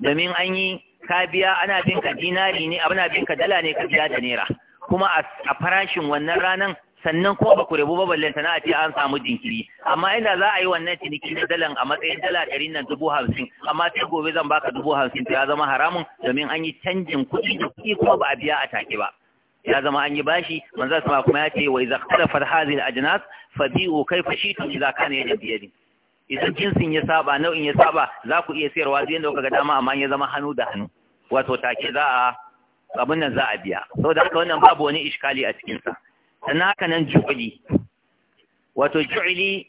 domin an yi ka biya ana bin ka dinari ne na bin ka dala ne ka biya da naira kuma a farashin wannan ranan sannan kuma ba ku rabu ba ballen sana'a a ce an samu jinkiri amma inda za a yi wannan ciniki na dalan a matsayin dala ɗari nan dubu hamsin amma sai gobe zan baka dubu hamsin to ya zama haramun domin an yi canjin kuɗi da kuɗi kuma ba a biya a take ba ya zama an yi bashi manzo sama kuma ya ce wai idza ikhtalafa hadhihi al-ajnas fabi'u kayfa shi'tum idza kana yadan biyadi idan jinsin ya saba nau'in ya saba za ku iya sayarwa zai yanda kuka ga dama amma ya zama hannu da hannu wato take za a abin nan za a biya saboda haka wannan babu wani iskali a cikin sa sannan kanan nan ju'uli wato ju'uli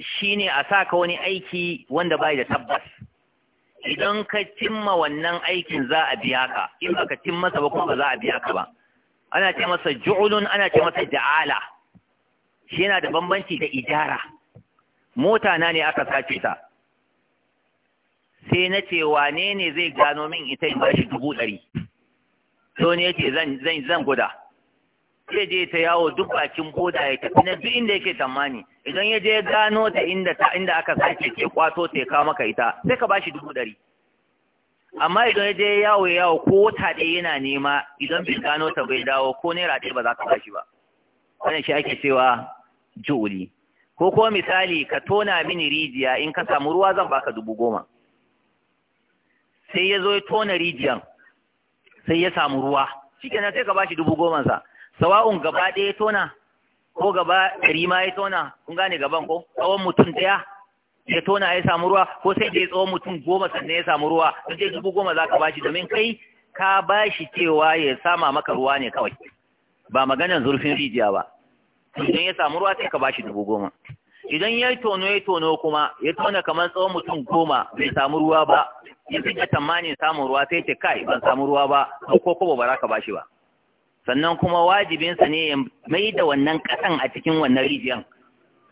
shine a saka wani aiki wanda bai da tabbas idan ka cimma wannan aikin za a biya ka in baka cimma sa ba kuma ba za a biya ka ba ana ce masa ju'ulun ana ce masa da'ala shi yana da bambanci da ijara mota na ne aka sace ta sai na ce wane ne zai gano min ita in bashi dubu ɗari to ne ce zan zan guda zai je ta yawo duk bakin boda ya tafi na duk inda yake tamani idan ya je ya gano ta inda ta inda aka sake ke kwato ta ya kawo maka ita sai ka bashi dubu ɗari amma idan ya je ya yawo ya yawo ko wata ɗaya yana nema idan bai gano ta bai dawo ko naira ɗaya ba za ka bashi ba wannan shi ake cewa ju'uli ko ko misali ka tona mini rijiya in ka samu ruwa zan baka dubu goma sai ya zo ya tona rijiyan sai ya samu ruwa shikenan sai ka bashi dubu goma sa sawa'un gaba ɗaya ya tona ko gaba ɗari ma ya tona kun gane gaban ko tsawon mutum ɗaya ya tona ya samu ruwa ko sai dai tsawon mutum goma sannan ya samu ruwa don je dubu goma za ka bashi domin kai ka bashi cewa ya sama maka ruwa ne kawai ba maganar zurfin rijiya ba idan ya samu ruwa sai ka bashi dubu goma idan ya tono ya tono kuma ya tona kamar tsawon mutum goma bai samu ruwa ba ya fi tamanin samun ruwa sai ce kai ban samu ruwa ba ko kuma ba za ka bashi ba sannan kuma wajibinsa ne ya mai da wannan kasan a cikin wannan rijiyar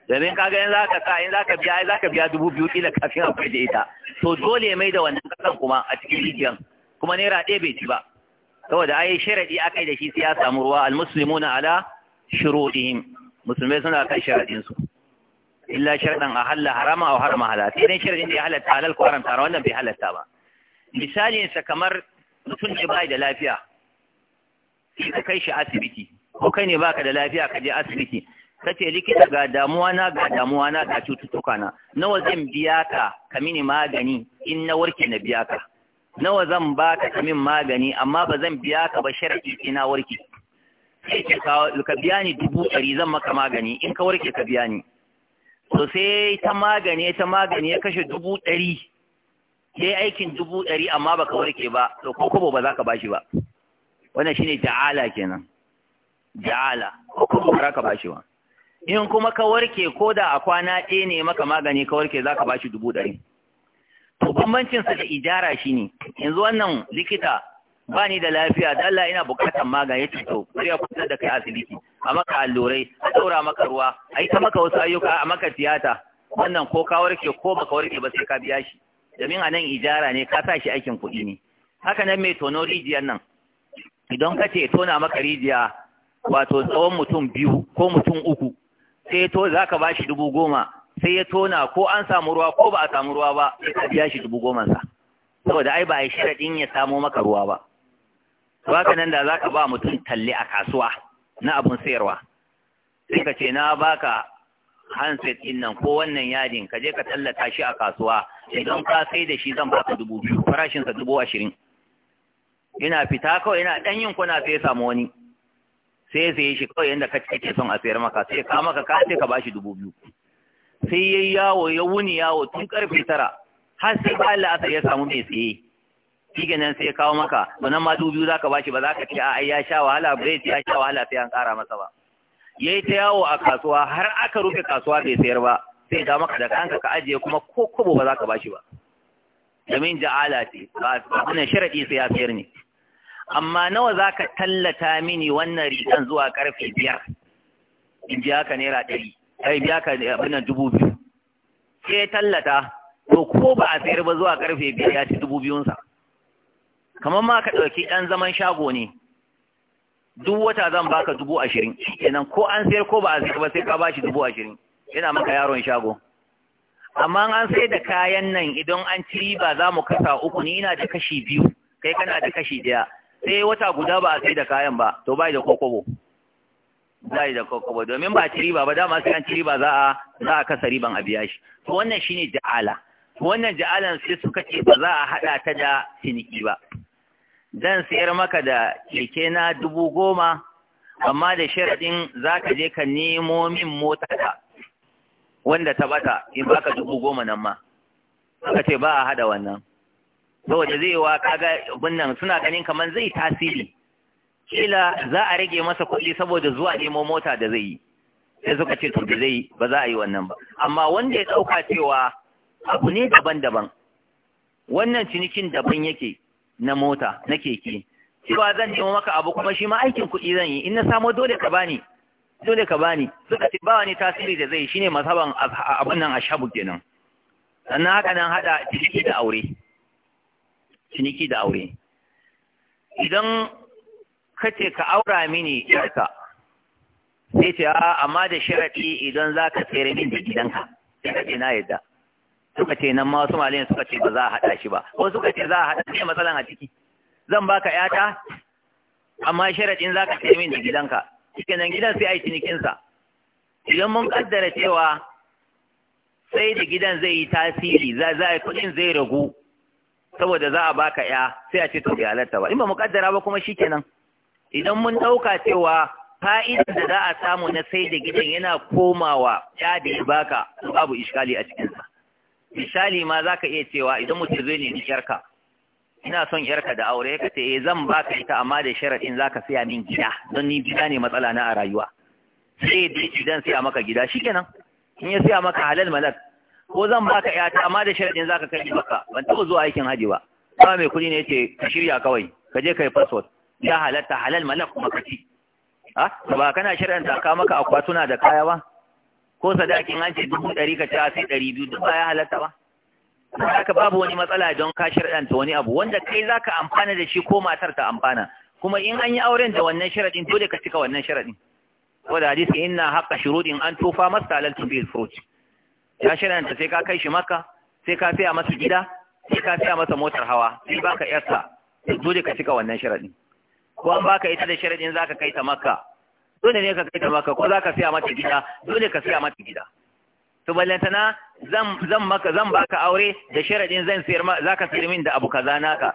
domin kaga in za ka sa in za ka biya za ka biya dubu biyu kila kafin a kwaje ita to dole ya mai da wannan kasan kuma a cikin rijiyar kuma naira ɗaya bai ci ba saboda ai sharaɗi akai da shi sai ya samu ruwa almuslimuna ala shuruɗihim musulmai suna kai sharaɗinsu. su illa sharaɗin a halla harama a harama halal sai dai sharaɗin da ya halatta halal ko haramta wannan bai halatta ba Misalinsa kamar mutum ne bai da lafiya shi ka kai shi asibiti ko kai ne baka da lafiya ka je asibiti ka ce likita ga damuwa na ga damuwa na ga cututtuka na nawa zan biya ka ka mini magani in na warke na biya ka nawa zan baka ka min magani amma ba zan biya ka ba sharadi in na warke sai ka biya ni dubu ɗari zan maka magani in ka warke ka biya ni to sai ta magani ta magani ya kashe dubu ɗari sai aikin dubu ɗari amma baka warke ba to ko kobo ba za ka bashi ba wannan shine ja'ala kenan ja'ala ko ba ka bashi ba in kuma ka warke ko da a kwana ɗaya ne maka magani ka warke za ka bashi dubu ɗari to sa da ijara shine yanzu wannan likita ba ni da lafiya da Allah ina bukatar magani ce to sai ya kusa da kai asibiti a maka allurai a ɗaura maka ruwa a yi ta maka wasu ayyuka a maka tiyata wannan ko ka warke ko baka warke ba sai ka biya shi domin a nan ijara ne ka sa shi aikin kuɗi ne haka nan mai tono rijiyar nan idan ka ce tona maka rijiya wato tsawon mutum biyu ko mutum uku sai to za ka ba shi dubu goma sai ya tona ko an samu ruwa ko ba a samu ruwa ba sai ka biya shi dubu goma sa saboda ai ba a yi sharaɗin ya samo maka ruwa ba Ba ka nan da za ka ba mutum talle a kasuwa na abun sayarwa sai ka ce na baka handset ɗin nan ko wannan yadin ka je ka tallata shi a kasuwa idan ka sai da shi zan baka dubu biyu farashinsa dubu ashirin Ina fita kawai ina ɗan yin kuna sai ya samu wani sai ya shi kawai yadda ka ke son a sayar maka sai ka maka ka sai ka bashi dubu biyu sai ya yawo ya wuni yawo tun karfe tara har sai ba Allah asar ya samu mai saye shi nan sai ya kawo maka wannan ma dubu biyu zaka bashi ba za ka ce a ya sha wahala bai ya sha wahala sai an ƙara masa ba ya yi ta yawo a kasuwa har aka rufe kasuwa bai sayar ba sai ga maka da kanka ka ajiye kuma ko kobo ba za ka bashi ba domin ja'ala ce ba na sharadi su ya sayar ne amma nawa za ka tallata mini wannan rikon zuwa ƙarfe biyar in biya ka naira ɗari ai biya ka abin dubu biyu sai tallata to ko ba a sayar ba zuwa ƙarfe biyar ya ci dubu biyunsa kamar ma ka ɗauki ɗan zaman shago ne duk wata zan baka dubu ashirin kenan ko an sayar ko ba a sayar ba sai ka ba shi dubu ashirin yana maka yaron shago amma an sai da kayan nan idan an ci ba za mu kasa uku ni ina da kashi biyu kai kana da kashi daya sai wata guda ba a sai da kayan ba to bai da kokobo bai da kokobo domin ba ci riba ba dama sai an ci riba za a za a kasa riban a biya shi to wannan shine ja'ala wannan ja'alan sai suka ce ba za a hada ta da ciniki ba zan sayar maka da keke na dubu goma amma da sharadin za ka je ka nemo min mota ta wanda ta bata in baka dubu goma nan ma aka ce ba a hada wannan saboda zai wa kaga bunnan suna ganin kamar zai tasiri kila za a rage masa kuɗi saboda zuwa nemo mota da zai yi sai suka ce to da zai ba za a yi wannan ba amma wanda ya ɗauka cewa abu ne daban-daban wannan cinikin daban yake na mota na keke cewa zan nemo maka abu kuma shi ma aikin kuɗi zan yi in na samo dole ka bani dole ka bani suka ce ba wani tasiri da zai shine mazhaban abin nan ashabu kenan sannan haka nan hada ciniki da aure ciniki da aure idan ka ce ka aura mini yarka sai ce a amma da sharadi idan za ka tsere min da gidanka sai ka ce na yadda suka ce nan ma wasu malayan suka ce ba za a haɗa shi ba Ko suka ce za a haɗa shi matsalan a ciki zan baka yata amma sharadin za ka tsere min da gidanka shikenan gidan sai a yi cinikinsa idan mun kaddara cewa sai da gidan zai yi tasiri za a a kuɗin zai ragu saboda za a baka ya sai a ce to halatta ba in ba mu kaddara ba kuma shikenan idan mun ɗauka cewa fa'idar da za a samu na sai da gidan yana komawa ya da ya baka babu iskali a cikinsa misali ma za ka iya cewa idan mutum zai nemi yarka ina son yarka da aure ka ce eh zan baka ita amma da sharadin zaka saya min gida don ni gida ne matsala na a rayuwa sai dai idan saya maka gida shikenan in ya saya maka halal malak ko zan baka yata amma da sharaɗin zaka kai maka ban taɓa zuwa aikin haji ba ba mai kuɗi ne yace ka shirya kawai ka je ka yi fasfot. ya halatta halal malak kuma ka ci ah ba kana sharanta ka maka akwatuna da kaya ba ko sadakin an dubu ɗari ka ci sai ɗari biyu duk ba ya halatta ba haka babu wani matsala don ka sharɗanta wani abu wanda kai za ka amfana da shi ko matar ta amfana kuma in an yi auren da wannan sharaɗin dole ka cika wannan sharaɗin wadda hadisi ina haƙa shuruɗin an tofa masa halaltun bil fruit ya shiranta sai ka kai shi maka sai ka saya masa gida sai ka saya masa motar hawa sai baka yarsa dole ka cika wannan sharaɗin ko an baka ita da sharaɗin za ka kai ta maka dole ne ka kai ta maka ko ka saya mata gida dole ka saya mata gida to balantana zan zan maka zan baka aure da sharadin zan sayar maka zaka sayar min da abu kaza naka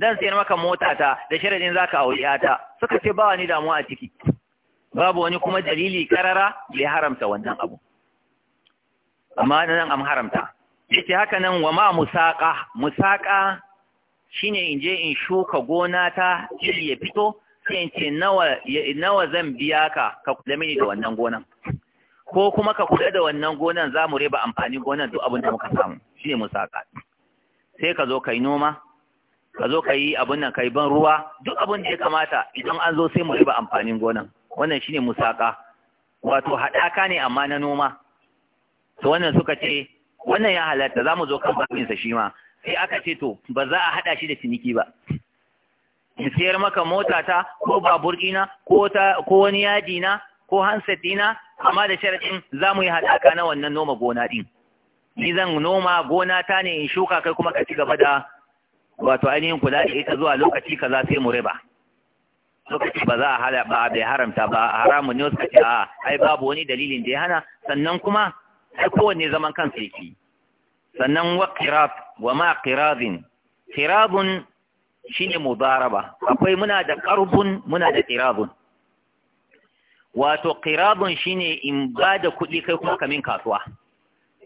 dan sayar maka mota ta da sharadin zaka aure ta suka ce ba wani damuwa a ciki babu wani kuma dalili karara bai haramta wannan abu amma nan am haramta yace haka nan wa ma musaqa musaqa shine in je in shuka gona ta ya fito sai in ce nawa nawa zan biya ka ka kula mini da wannan gonan ko kuma ka kula da wannan gonan za mu riba amfanin gonan duk abin da muka samu shi ne musaka sai ka zo ka yi noma ka zo ka yi abin nan ka yi ban ruwa duk abin da ya kamata idan an zo sai mu riba amfanin gonan wannan shi ne musaka wato haɗaka ne amma na noma to wannan suka ce wannan ya halatta za mu zo kan babinsa shi ma sai aka ce to ba za a haɗa shi da ciniki ba in siyar maka mota ta ko babur ta ko wani yaji na ko hansa dina amma da sharadin za mu yi haɗaka na wannan noma gona ɗin ni zan noma gona ta ne in shuka kai kuma ka ci gaba da wato ainihin kula da ita zuwa lokaci kaza sai mu riba lokaci ba za a hala ba bai haramta ba haramun ne wasu kaci a ai babu wani dalilin da ya hana sannan kuma ai kowanne zaman kansa yake sannan wa kiraf wa ma qirabin qirabun shine mudaraba akwai muna da karbun muna da qirabun wato qiradun shine in ba da kuɗi kai kuma kamin kasuwa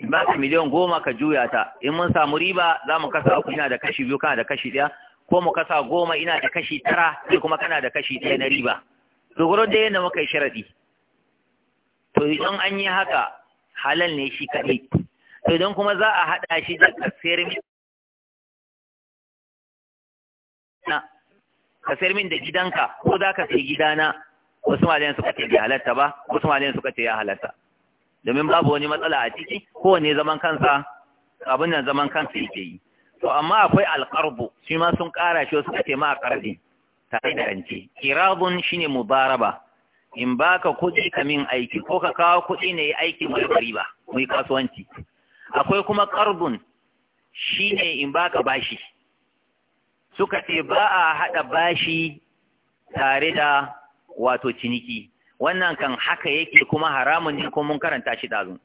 in ba ka miliyan goma ka juya ta in mun samu riba za mu kasa uku ina da kashi biyu kana da kashi ɗaya ko mu kasa goma ina da kashi tara sai kuma kana da kashi ɗaya na riba dogoro da yadda muka yi sharaɗi to idan an yi haka halal ne shi kaɗai to idan kuma za a haɗa shi da kasiyar min na min da gidanka ko za ka sai gidana wasu malayan suka ce bai halatta ba wasu malayan suka ce ya halatta domin babu wani matsala a ciki kowane zaman kansa abin nan zaman kansa yake yi to amma akwai alqarbu shi ma sun kara shi suka ce ma qarbi tare da rance Kirabun shine mubaraba in baka kuɗi ka min aiki ko ka kawo kuɗi ne aiki mai riba mai kasuwanci akwai kuma qarbun shine in baka bashi suka ce ba a hada bashi tare da wato ciniki wannan kan haka yake kuma haramun ne ko mun karanta shi dazu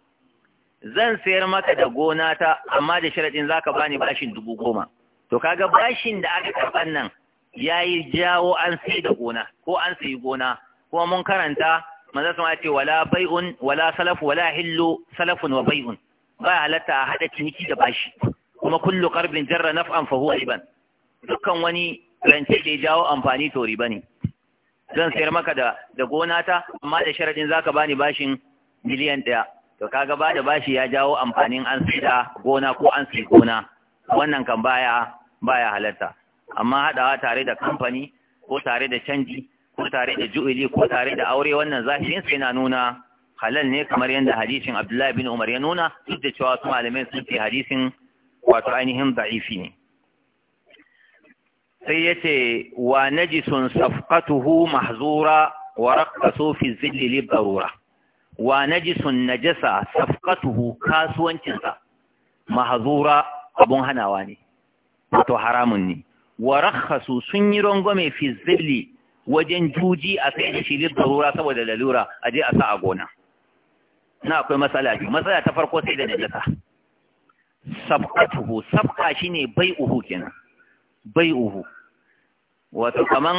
zan sayar maka da gona ta amma da sharadin zaka bani bashin dubu goma to kaga bashin da aka karban nan yayi jawo an sai da gona ko an sayi gona kuma mun karanta manzo sun ce wala bai'un wala salaf wala hillu salafun wa bai'un ba halatta a hada ciniki da bashi kuma kullu qarbin jarra naf'an fa huwa riban dukkan wani rance da jawo amfani to riba ne zan sayar maka da da gona ta amma da sharadin zaka bani bashin miliyan ɗaya to kaga ba da bashi ya jawo amfanin an sai gona ko an sai gona wannan kan baya baya halarta amma haɗawa tare da kamfani ko tare da canji ko tare da ju'ili ko tare da aure wannan zahirin sai na nuna halal ne kamar yadda hadisin Abdullahi bin Umar ya nuna duk da cewa su malamai sun ce hadisin wato ainihin da'ifi ne sai ya ce wa najisun safqatuhu mahzura wa raqqasu fi zilli li darura wa najisun najasa safqatuhu kasuwancinsa mahzura abun hanawa ne wato haramun ne wa su sun yi rangwame fi zilli wajen juji a sai da shi li darura saboda lalura a je a sa a gona na akwai matsala biyu matsala ta farko sai da najasa safqatuhu safqa shine bai'uhu kenan bai'uhu wato kaman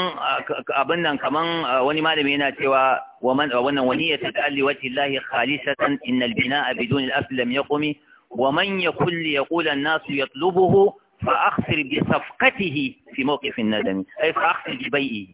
abin nan kaman wani malami yana cewa wa man wannan wani ya ta'alli wajhi Allah khalisatan innal bina'a bidun al-asl lam yaqumi wa man yakul yaqulu an-nas yatlubuhu fa akhsir bi safqatihi fi mawqif an-nadami ay fa akhsir bi bai'i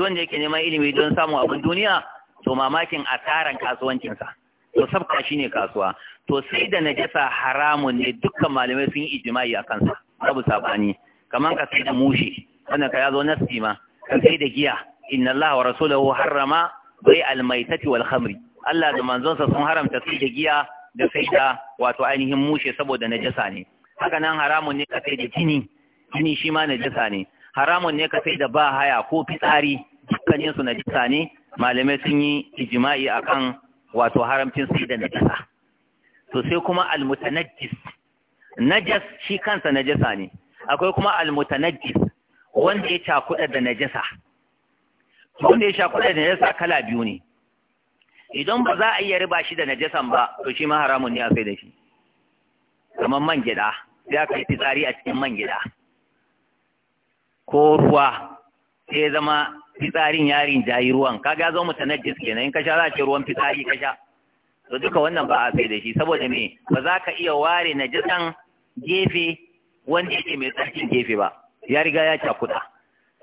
don da yake neman ilimi don samu abin duniya to mamakin asaran kasuwancin sa to sabka shine kasuwa to sai da najasa haramun ne dukkan malamai sun yi ijma'i akan sa babu sabani kaman ka sai da mushi wannan ka yazo nasi ma ka sai da giya inna Allah wa rasuluhu harrama bai almaitati wal khamri Allah da manzonsa sun haramta sai da giya da sai da wato ainihin mushe saboda najasa ne haka nan haramun ne ka sai da jini jini shi ma najasa ne haramun ne ka sai da ba haya ko fitsari dukkanin su najasa ne malamai sun yi ijma'i akan wato haramcin sai da najasa to sai kuma almutanajjis najas shi kansa najasa ne akwai kuma almutanajjis wanda ya cakuɗa da najasa wanda ya cakuɗa da najasa kala biyu ne idan ba za a iya riba shi da najasan ba to shi ma haramun ne a kai da shi kamar man gida ya kai yi fitsari a cikin man gida ko ruwa sai zama fitsarin yarin jayi ruwan kaga ya zo mutanajjis kenan in ka sha za ce ruwan fitsari ka sha to duka wannan ba a sai da shi saboda me ba za ka iya ware najisan gefe wanda yake mai tsarkin gefe ba ya riga ya cakuɗa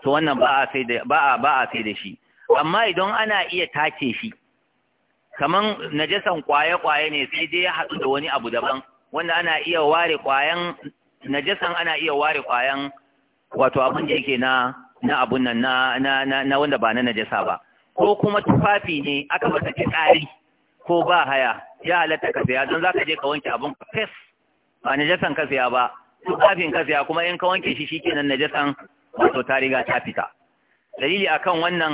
to wannan ba a sai da shi amma idan ana iya tace shi kaman najasan kwaye-kwaye ne sai dai ya haɗu da wani abu daban wanda ana iya ware kwayan najasan ana iya ware kwayan wato abin da yake na na abun nan na na na wanda ba na najasa ba ko kuma tufafi ne aka masa tsari ko ba haya ya halatta ka saya don zaka je ka wanke abun ka fes ba najasan ka saya ba tufafin ka saya kuma in ka wanke shi shikenan najasan wato ta riga ta fita dalili akan wannan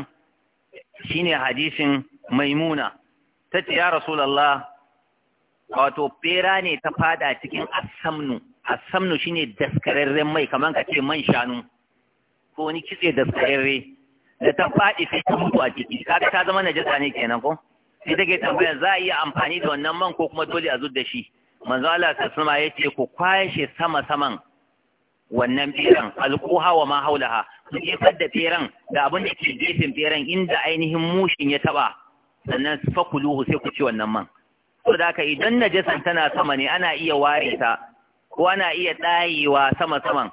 shine hadisin maimuna ta ce ya lalla wato bera ne ta fada cikin asamnu asamnu shine daskararren mai kamar ka ce man shanu ko wani kitse daskararre da ta faɗi sai ta mutu a ciki kaga ta zama najasa ne kenan ko sai take tambayar za a iya amfani da wannan man ko kuma dole a zub da shi manzo Allah ta sama yace ku kwashe sama saman wannan beran alquha wa ma haulaha ku jefar da beran da abin da ke gefen beran inda ainihin mushin ya taba sannan fakuluhu sai ku ci wannan man to da haka idan najasan tana sama ne ana iya ware ta ko ana iya dayewa sama saman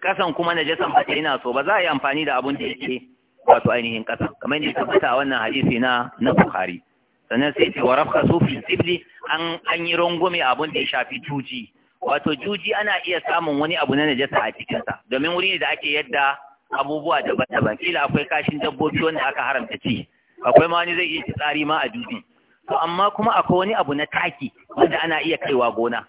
kasan kuma najasan ba ta ina so ba za a yi amfani da abin da yake wato ainihin kasa kamar yadda tabbata wannan hadisi na na Bukhari sannan sai ce wa rafka sufi sibli an an yi rangwame abin da ya shafi juji wato juji ana iya samun wani abu na najasa a cikinsa domin wuri ne da ake yadda abubuwa daban-daban kila akwai kashin dabbobi wanda aka haramta ci akwai ma wani zai iya tsari ma a juji to amma kuma akwai wani abu na taki wanda ana iya kaiwa gona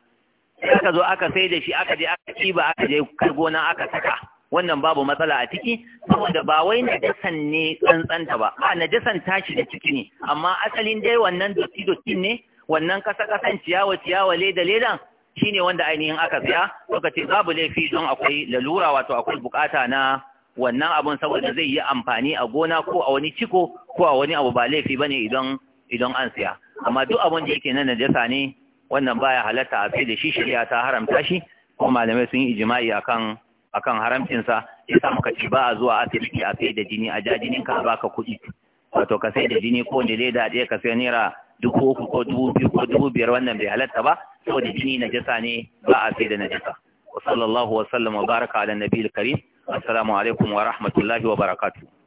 sai aka zo aka sai da shi aka je aka ciba aka je kai gona aka saka wannan babu matsala a ciki saboda ba wai najasan ne tsantsanta ba a najasan tashi da ciki ne amma asalin dai wannan dotti dotti ne wannan kasa kasan ciyawa ciyawa leda ledan shine wanda ainihin aka saya suka ce babu laifi don akwai lalura wato akwai bukata na wannan abun saboda zai yi amfani a gona ko a wani ciko ko a wani abu ba laifi bane idan idan an saya amma duk abun da yake na najasa ne wannan baya halatta a sai da shi shari'a ta haramta shi ko malamai sun yi ijima'i akan akan haramcinsa yasa muka ci ba a zuwa asibiti a sai da jini a ja jinin ka a baka kuɗi wato ka sai da jini ko da leda ɗaya ka sai naira dubu uku ko dubu biyu ko dubu biyar wannan bai halarta ba saboda jini na najasa ne ba a sai da najasa wa sallallahu wa sallam wa baraka ala nabiyil karim assalamu alaikum wa rahmatullahi wa barakatuh